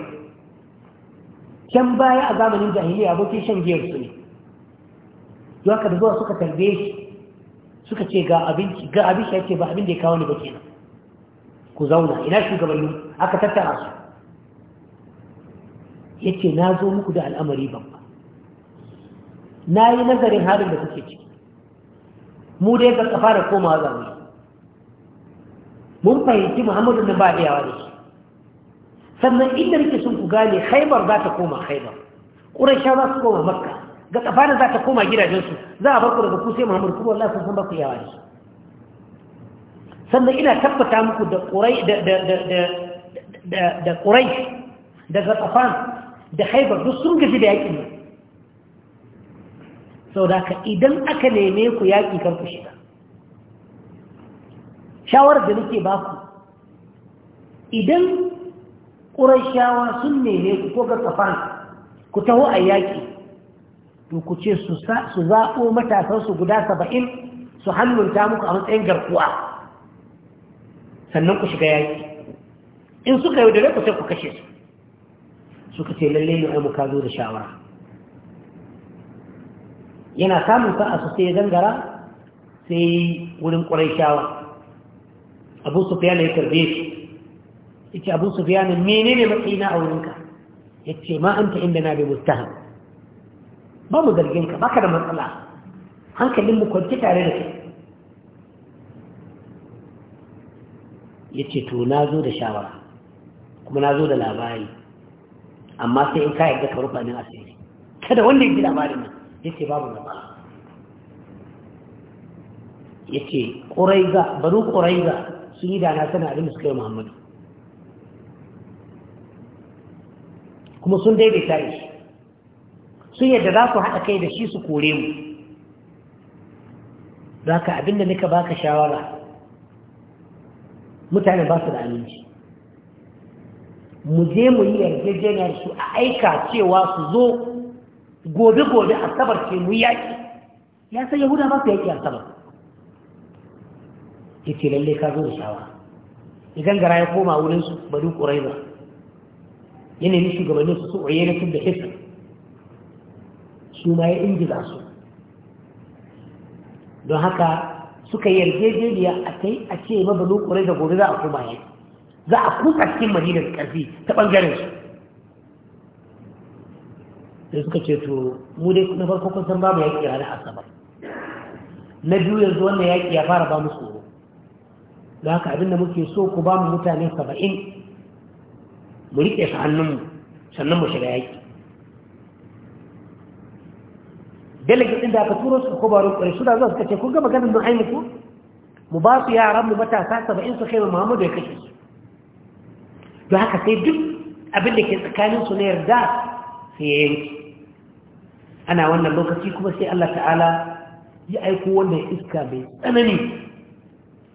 can baya a zamanin jahiliya abokin shan giyar su ne da ka da zuwa suka tarbe shi suka ce ga abinci ga abin shi ya ce ba abin da ya kawo ni ba kenan ku zauna ina shugabanni aka tattara su yace na zo muku da al'amari babba na yi nazarin halin da kuke ciki mu dai ka fara komawa zaune mun fahimci muhammadu na ba da yawa da shi sannan inda rike sun ku gane haibar za ta koma haibar ƙurasha za su koma makka ga tsafana za ta koma gidajensu za a barku daga ku sai muhammadu kuma Allah sun san ba ku yawa da shi sannan ina tabbata muku da ƙurai da ƙurai daga tsafan da haibar duk sun gaji da yaƙi ne, sau da ka idan aka neme ku yaƙi kan ku shiga Shawar da nake ba ku idan ƙurashawa sun neme ku ko ga tsafan ku taho a yaƙi to ku ce su zaɓo matasansu guda saba'in su hannunta muku a matsayin garkuwa sannan ku shiga yaƙi in suka yi da ku sai ku kashe su suka ce lalle ne mu ka zo da shawara yana samun sa'a su sai zangara sai wurin ƙwarai shawa abu na ya karbe shi ya ce abu na mene ne matsayina a wurinka ya ce ma an ta inda na bai mustahan ba mu zarginka baka da matsala hankalin mu kwanci tare da kai ya ce to na zo da shawara kuma na zo da labari amma sai in ka yarda ka rufa nan asiri kada wanda ya labarin nan yace babu matsala ga quraiza banu ga sun yi dana sana abin da suka yi muhammadu kuma sun daidaita shi sun yadda za ku haɗa kai da shi su kore mu za ka abin da nika baka shawara mutane ba su da aminci mu je mu yi yarjejeniyar su a aika cewa su zo gobe-gobe asabar ce mu yaƙi ya san yahuda ba su yaƙi asabar ya ce lalle ka zo da shawa idan gara ya koma wurinsu bari ƙurai ba yanayin shugabannin su su'oye yana tun da hisa su ma ya ingiza su don haka suka yarjejeniya a kai a ce mabalu ƙurai da gobe za a koma yaƙi za a kuka cikin madinar karfi ƙarfi ta ɓangaren su sai suka ce to mu dai na farko kun san babu yaƙi ranar asabar na biyu yanzu wannan yaƙi ya fara ba mu tsoro da haka abinda muke so ku ba mu mutane saba'in mu riƙe su hannunmu sannan mu shiga yaƙi delegate ɗin da aka turo su ko baron su suna zuwa suka ce kun gama ganin don ainihin mu ba su yaran mu matasa saba'in su kai wa muhammadu ya kashe su don haka sai duk abin da ke tsakaninsu na yarda sai ya yanki ana wannan lokaci kuma sai Allah ta'ala ya aiko ya iska mai tsanani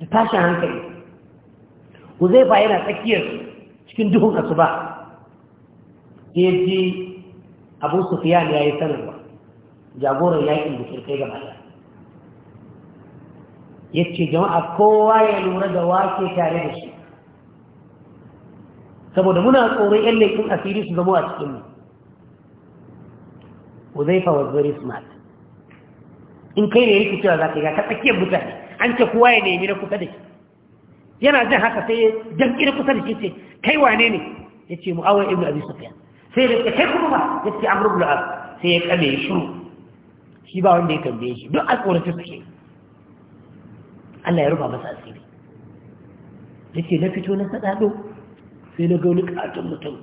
da tashin hankali Ku zai fa yana tsakiyar cikin duhun asuba ba ya ji abu sufiyan ya yi sanarwa jagoran yakin da shirkai gaba ɗaya ya ce jama'a kowa ya lura da wake tare da shi saboda muna tsoron yan laifin asiri su zama a cikin mu Uzaifa was very smart in kai ne yake cewa za ka ga ka tsakiyar mutane an ce kowa ya nemi na kusa da shi yana jin haka sai jan kira kusa da shi ce kai wane ne ya yace mu'awiyah ibn abi sufyan sai da ke kai kuma ya ce amr ibn al sai ya kame shi shi ba wanda ya tambaye shi duk a tsorace suke Allah ya rufa masa asiri yace na fito na sadado sai na gauni wani mutum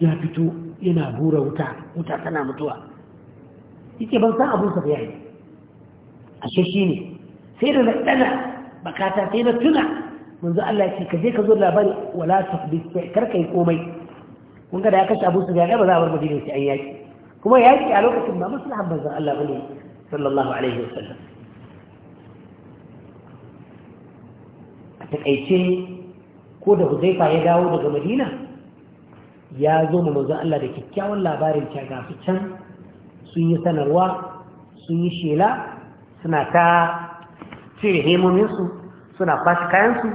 ya fito yana bura wuta wuta tana mutuwa yake ban san abinsa da yayi ashe shi ne sai da ɗana bakata sai na tuna manzo Allah ya ce ka je ka zo labari wala tafdi kar kai komai kun ga da ya kashe Abu Sufyan ba za a bar Madina sai an yaki kuma yaki a lokacin ba maslahan manzo Allah bane sallallahu alaihi wasallam a takaice ko da huzaifa ya dawo daga madina ya zo ma manzon Allah da kyakkyawan labarin ta ga su can sun yi sanarwa sun yi shela suna ta cire hemominsu suna fashi kayansu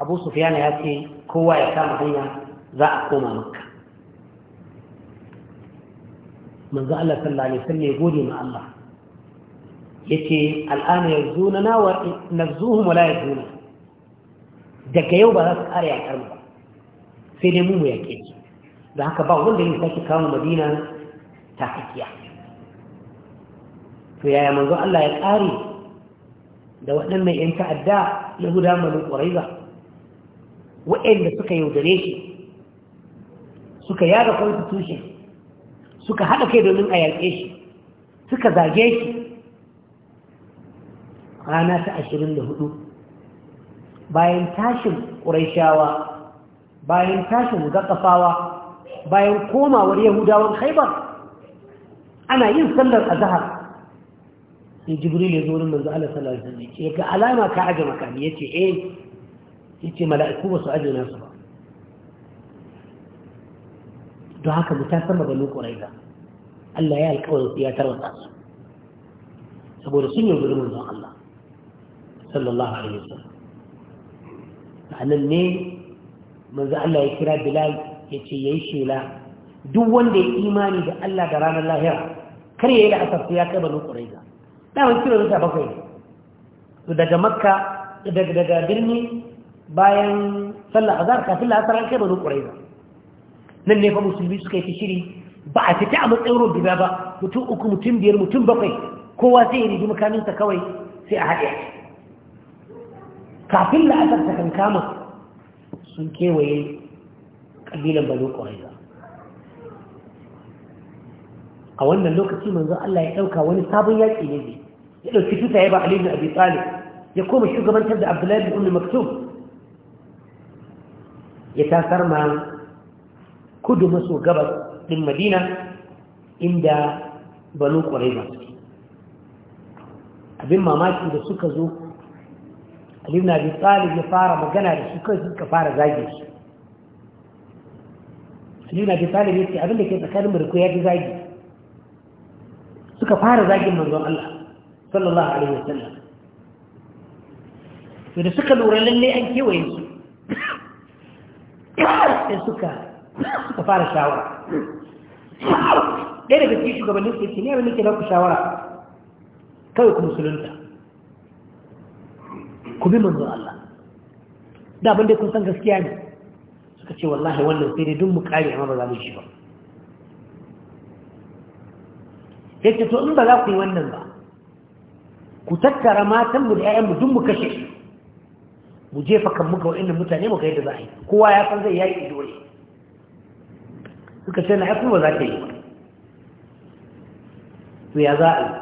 abu sufiyana ya ce kowa ya kama hanya za a koma makka manzo Allah sallallahu alaihi wasallam ya gode ma Allah yace al'ana yanzu na nawa nazuhum la daga yau ba za su kare yaƙar ba sai dai mu mu yaƙe ji, da haka ba wanda ya sake kawo madina ta hakiya to yaya manzo Allah ya ƙare da waɗannan ‘yan ta'adda na gudanar ƙwarai ba waɗanda suka yaudare shi suka yada constitution suka haɗa kai domin a yaƙe shi suka zage shi rana ta ashirin da hudu bayan tashin ƙurashawa, bayan tashin gaƙafawa bayan komawar yahudawan haibar ana yin sallar zahar. sai jibril ya zo wurin manzo Allah sallallahu alaihi wasallam ya alama ka aje makami yace eh yace mala'iku ba su aje nasu ba don haka mu ta sama banu quraiza Allah ya alƙawarin ya tarwata su saboda sun yi gurin manzon Allah sallallahu alaihi wasallam sanan ne manzo Allah ya kira Bilal ya ce yayi shela duk wanda ya imani da Allah da ranar lahira kar ya yi da asar ya kai banu Quraiza da wani kira da bakwai to daga Makka daga daga birni bayan sallar azhar kafin lahasar an kai banu Quraiza nan ne fa musulmi suka yi shiri ba a fita a matsayin rubiya ba mutum uku mutum biyar mutum bakwai kowa sai ya rigi makaminsa kawai sai a haɗe kafin la'asar ta kankama sun kewaye ƙabilan balo ƙwaiza a wannan lokaci manzo Allah ya ɗauka wani sabon yaƙi ne ne ya ɗauki tuta ya ba Ali ibn Abi Talib ya koma shugabantar da Abdullahi da Ummi ya tasar ma kudu maso gabas ɗin Madina inda balo ƙwaiza suke abin mamaki da suka zo علي بن ابي طالب يفاره مغنى لشكوز كفاره زايد علي بن ابي طالب يتي ابن لك يتكلم مركوية زايد سكفار زايد من ذو الله صلى الله عليه وسلم فإن سكا نورا للي أنك وين سكا سكفار شاورا إذا بتيشو قبل نفسك تنيا من نفسك شاورا كوك مسلمتا ku bi manzo Allah da abin da kun san gaskiya ne suka ce wallahi wannan sai dai dun mu kare amma ba za mu shi ba yake to in ba za ku yi wannan ba ku tattara matan mu da ƴaƴan mu dun mu kashe mu jefa kan mu ga wannan mutane mu ga yadda za a yi kowa ya san zai yayi dole suka ce na haifu ba za ta yi ba to ya za a yi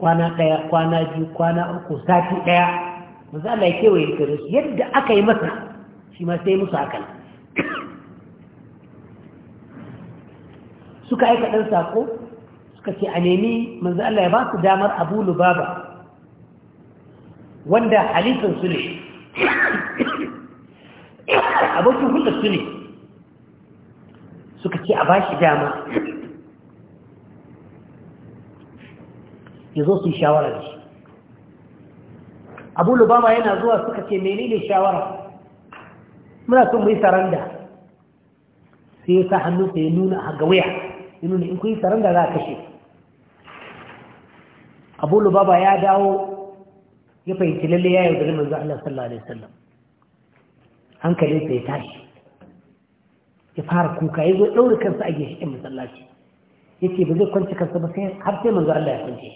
kwana ɗaya kwana biyu kwana uku sati ɗaya Maza Allah ya kewaye da yadda aka yi masa shi ma sai musu hakan suka aika ɗan sako suka ce a nemi Maza Allah ya ba su damar Abu Lubaba wanda halittar su ne abokin hulɗar su ne suka ce a ba shi dama ya zo su yi shawara da shi abu lubama yana zuwa suka ce menene shawara muna son mu yi saranda sai ya sa sai ya nuna a gawaya ya nuna in kun yi saranda za a kashe abu lubama ya dawo ya fahimci lalle ya yaudari manzo Allah sallallahu alaihi wasallam sai ya tashi ya fara kuka ya zo ɗaure kansa a gishikin masallaci ya ce ba zai kwanci kansa ba sai har sai manzo Allah ya kwanci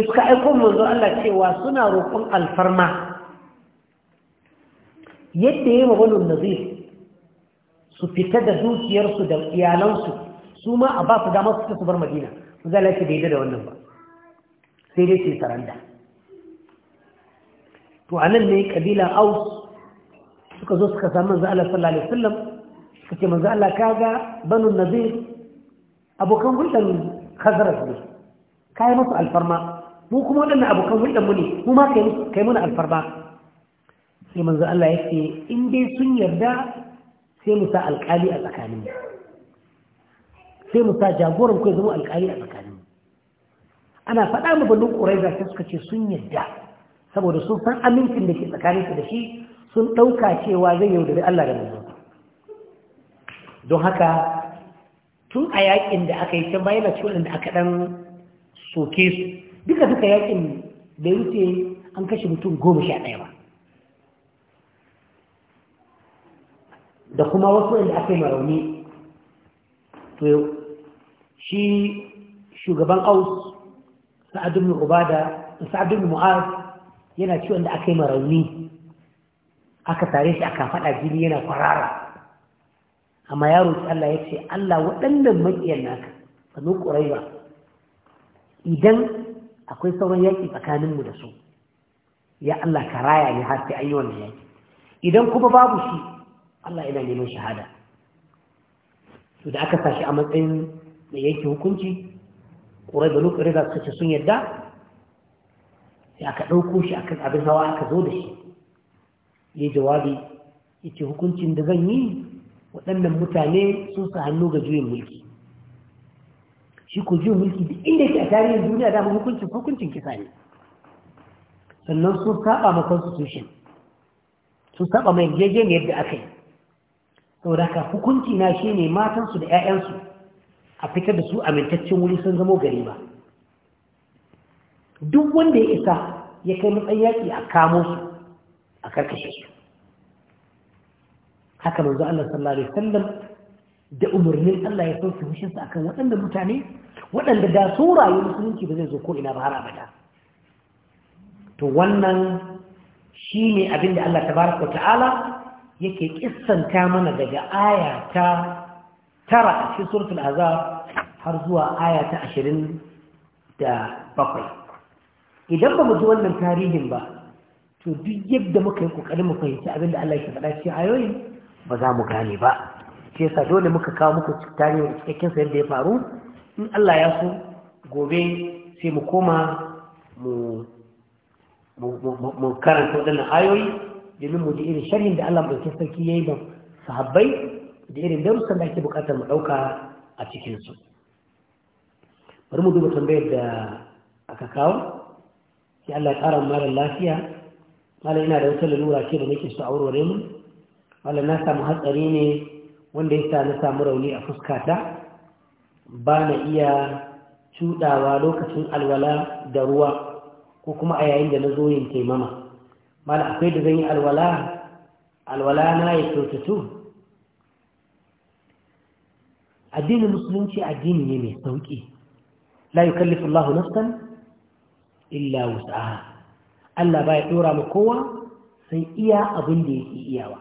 sai suka aiko manzo Allah cewa suna roƙon alfarma yadda yayi mabalun nazir su fita da dukiyarsu da iyalansu su ma a ba su dama su su bar madina manzo Allah ya da bai da wannan ba sai dai su saranda to anan ne kabila aus suka zo suka samu manzo Allah sallallahu alaihi wasallam suka ce manzo Allah kaga banu nazir abokan hulɗar khazraj ne kai musu alfarma mu kuma waɗannan abokan hulɗar mu ne mu ma kai mana alfarba sai manzo Allah ya ce in dai sun yarda sai mu sa alƙali a tsakanin sai mu sa jagoran ku ya zama alƙali a tsakanin ana faɗa mu bandun ƙuraiza sai suka ce sun yarda saboda sun san amincin da ke tsakanin su da shi sun ɗauka cewa zai yaudari Allah da manzo don haka tun a yaƙin da aka yi can bayan da ciwon da aka ɗan soke su duka duka yakin da wuce an kashe mutum goma sha ɗaya ba da kuma wasu inda aka yi marauni to shi shugaban aus sa'adun ubada sa'adun mu'az yana ciwon da aka yi marauni aka tare shi aka faɗa jini yana kwarara amma yaro ce Allah ya ce Allah waɗannan maƙiyar naka ka zo ƙurai ba idan akwai sauran yaƙi tsakaninmu da su ya Allah ka raya ne har sai an yi wannan yaƙi idan kuma babu shi Allah yana neman shahada to da aka sashi a matsayin mai yanke hukunci ƙurai da lokacin da suka ce sun yadda sai aka ɗauko shi akan abin hawa aka zo da shi ya jawabi ya ce hukuncin da zan yi waɗannan mutane sun sa hannu ga juyin mulki shi ku ji mulki da inda ke a tarihin duniya da hukuncin hukuncin kisa ne sannan sun saba ma constitution sun saba mai yarjejen yadda aka yi saboda haka hukunci na shi ne matansu da 'ya'yansu a fitar da su amintaccen wuri sun zamo gari ba duk wanda ya isa ya kai matsayin yaƙi a kamo su a karkashe su haka manzo Allah sallallahu alaihi da umarnin Allah ya sauke hushinsa akan waɗanda mutane waɗanda da sun rayu musulunci ba zai zo ko ina ba har abada to wannan shi ne abin da Allah tabaraka ta'ala yake kissanta mana daga aya ta tara a cikin suratul azab har zuwa aya ta ashirin da bakwai idan ba mu ji wannan tarihin ba to duk yadda muka yi ƙoƙarin mu fahimci abin da Allah ya faɗa cikin ayoyin ba za mu gane ba shi sa dole muka kawo muku da cikakken sa yadda ya faru in Allah ya so gobe sai mu koma mu karanta waɗannan ayoyi domin mu ji irin sharhin da Allah mai sarki ya yi ba sahabbai da irin darussan da ake bukatar mu ɗauka a cikin su bari mu duba tambayar da aka kawo sai Allah ya ƙara mara lafiya malam ina da wata lalura ce da nake so a wurare mu malam na samu hatsari ne wanda ya sa na samu rauni a fuskata ba na iya cudawa lokacin alwala da ruwa ko kuma a yayin da na zo yin taimama mala akwai da zan yi alwala alwala na ya kyautatu addinin musulunci addini ne mai sauƙi la yukallifu Allah nafsan illa wus'aha Allah baya ɗora ma kowa sai iya abin da yake iyawa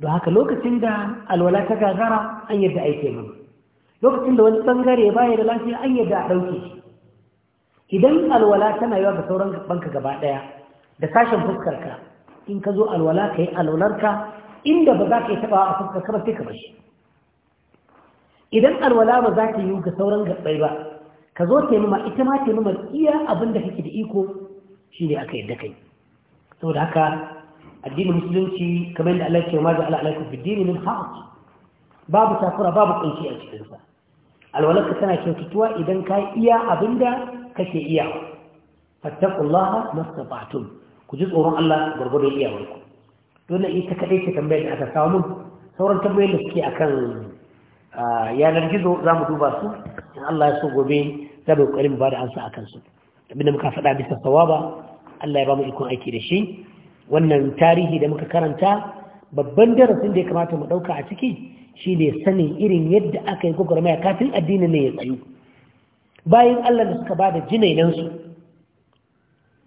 don haka lokacin da alwala ta gagara an yadda aike mama lokacin da wani bangare baya da lafiya an yadda a ɗauke idan alwala tana yawa ga sauran banka gaba ɗaya da sashen fuskarka in ka zo alwala ka yi alwalarka inda ba za ka yi taɓawa a fuskarka ba sai ka bashi idan alwala ba za ta yi ga sauran gaɓɓai ba ka zo taimama ita ma taimama iya abin da kake da iko shi ne aka yadda kai saboda haka addinin musulunci kamar da Allah ya ce ma za Allah alaikum dini min babu takura babu kunci a cikin sa alwalaka tana kyautatuwa idan ka iya abinda kake iya fattaqullaha mastata'tum ku ji tsoron Allah iya iyawarku dole ita kadai ce tambayar da aka samu sauran tambayoyin da suke akan yanar gizo za mu duba su in Allah ya so gobe za mu yi ƙoƙarin ba da ansa a kansu abinda muka faɗa bisa sawaba Allah ya ba mu ikon aiki da shi wannan tarihi da muka karanta babban darasin da ya kamata mu ɗauka a ciki shine sanin irin yadda aka yi gwagwarmaya kafin addini ne ya tsayu bayan Allah da suka ba da jinainansu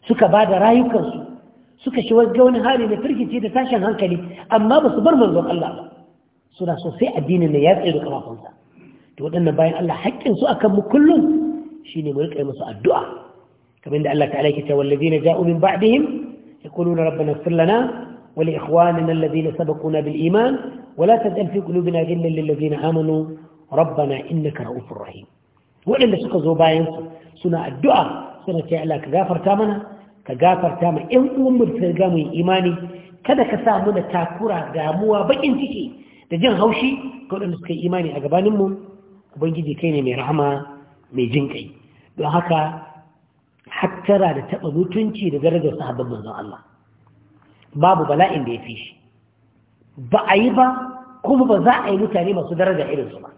suka ba da rayukansu suka shiwar ga wani hali na firgici da tashin hankali amma ba su bar manzon Allah ba suna so sai addini ne ya tsaye da kamafansa to waɗannan bayan Allah haƙƙinsu akan mu kullum shine mu riƙa musu addu'a kamar da Allah Ta ke cewa wallazina ja'u min ba'dihim يقولون ربنا اغفر لنا ولإخواننا الذين سبقونا بالإيمان ولا تجعل في قلوبنا غلا للذين آمنوا ربنا إنك رؤوف رحيم وإن suka zo bayan su suna addu'a suna ce Allah ka gafarta mana ka gafarta ma 'yan uwan mu da ga mu imani kada ka sa mu da takura damuwa baƙin ciki da jin haushi ga waɗanda suka yi imani a gabanin mu ubangiji kai ne mai rahama mai jin don haka hattara da taɓa mutunci da darajar sahabban manzon Allah babu bala'in da ya fi shi ba a yi ba kuma ba za a yi mutane masu daraja irinsu ba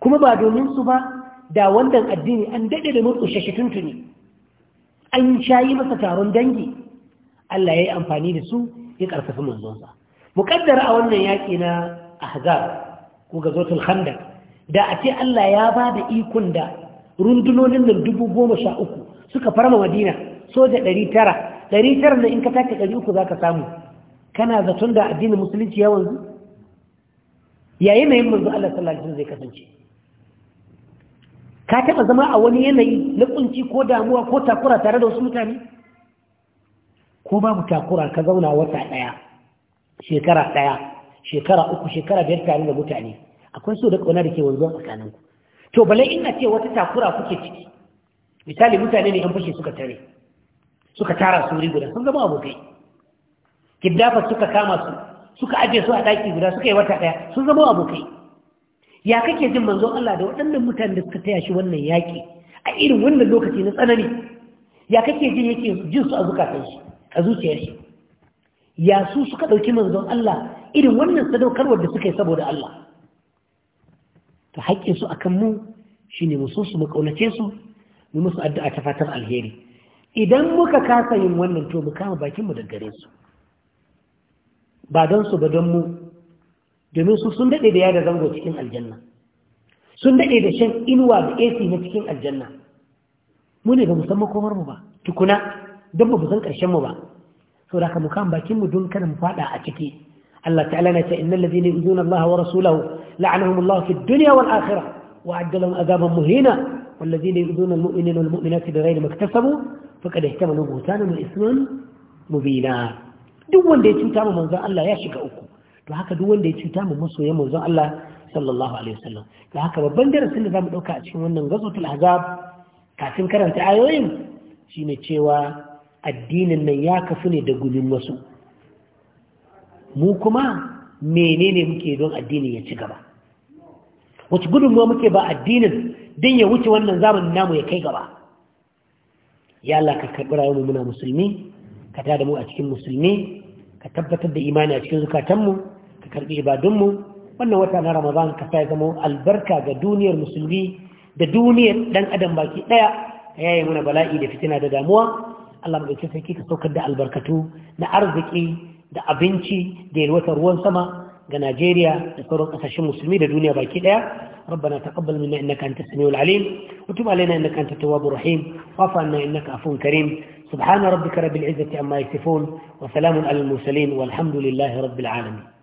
kuma ba domin su ba da wannan addini an daɗe da murƙushe shi tuntuni an shayi masa taron dangi Allah ya yi amfani da su ya ƙarfafi manzonsa muƙaddara a wannan yaƙi na ahzab ko gazotul khandaq da a ce Allah ya ba da ikon da rundunonin nan dubu goma sha uku suka farma madina soja ɗari tara ɗari tara na in ka take ɗari uku za ka samu kana zaton da addinin musulunci ya wanzu ya yanayin manzo Allah sallallahu alaihi zai kasance ka taɓa zama a wani yanayi na kunci ko damuwa ko takura tare da wasu mutane ko babu takura ka zauna wata ɗaya shekara ɗaya shekara uku shekara biyar tare da mutane akwai so da ƙauna da ke wanzuwa tsakaninku to balai ina ce wata takura kuke ciki misali mutane ne yan fashe suka tare suka tara su wuri guda sun zama abokai kidafa suka kama su suka aje su a daki guda suka yi wata ɗaya sun zama abokai ya kake jin manzon Allah da waɗannan mutanen da suka taya shi wannan yaƙi a irin wannan lokaci na tsanani ya kake jin yake jin su a zukatan shi a zuciyar shi ya su suka ɗauki manzon Allah irin wannan sadaukarwar da suka yi saboda Allah to haƙƙinsu su akan mu shine mu su mu kaunace su mu musu addu'a ta fatan alheri idan muka kasa yin wannan to mu kama bakin mu da gare su ba don su ba don mu domin su sun daɗe da yada zango cikin aljanna sun daɗe da shan inuwa da AC na cikin aljanna mu ne ba mu san makomar mu ba tukuna don ba mu san ƙarshen mu ba da ka mu kama bakinmu mu don kada mu faɗa a ciki Allah ta'ala na ce innal ladina yu'zuna Allah wa rasulahu لعنهم الله في الدنيا والآخرة وأعد لهم عذابا مهينا والذين يؤذون المؤمنين والمؤمنات بغير ما اكتسبوا فقد احتملوا بهتانا وإثما مبينا duk wanda ya cuta mu manzon Allah ya shiga uku to haka duk wanda ya cuta mu masoyan manzon Allah sallallahu alaihi wasallam to haka babban darasin da zamu ɗauka a cikin wannan ghazwatul ahzab kafin karanta ayoyin shine cewa addinin nan ya kafu ne da gumin masu mu kuma menene muke don addini ya ci gaba wace gudunmuwa muke ba addinin don ya wuce wannan zamanin namu ya kai gaba ya Allah ka karɓi rayuwar muna musulmi ka da mu a cikin musulmi ka tabbatar da imani a cikin zukatanmu ka karɓi ibadunmu wannan wata na ramadan ka sa zama albarka ga duniyar musulmi da duniyar dan adam baki ɗaya ka yaye mana bala'i da fitina da damuwa Allah mu ɗauki sarki ka saukar da albarkatu na arziki da abinci da yalwatar ruwan sama ga Najeriya da sauran kasashen musulmi da duniya baki daya ربنا تقبل منا إنك أنت السميع العليم وتب علينا إنك أنت التواب الرحيم واعف عنا إنك عفو كريم سبحان ربك رب العزة عما يصفون وسلام على المرسلين والحمد لله رب العالمين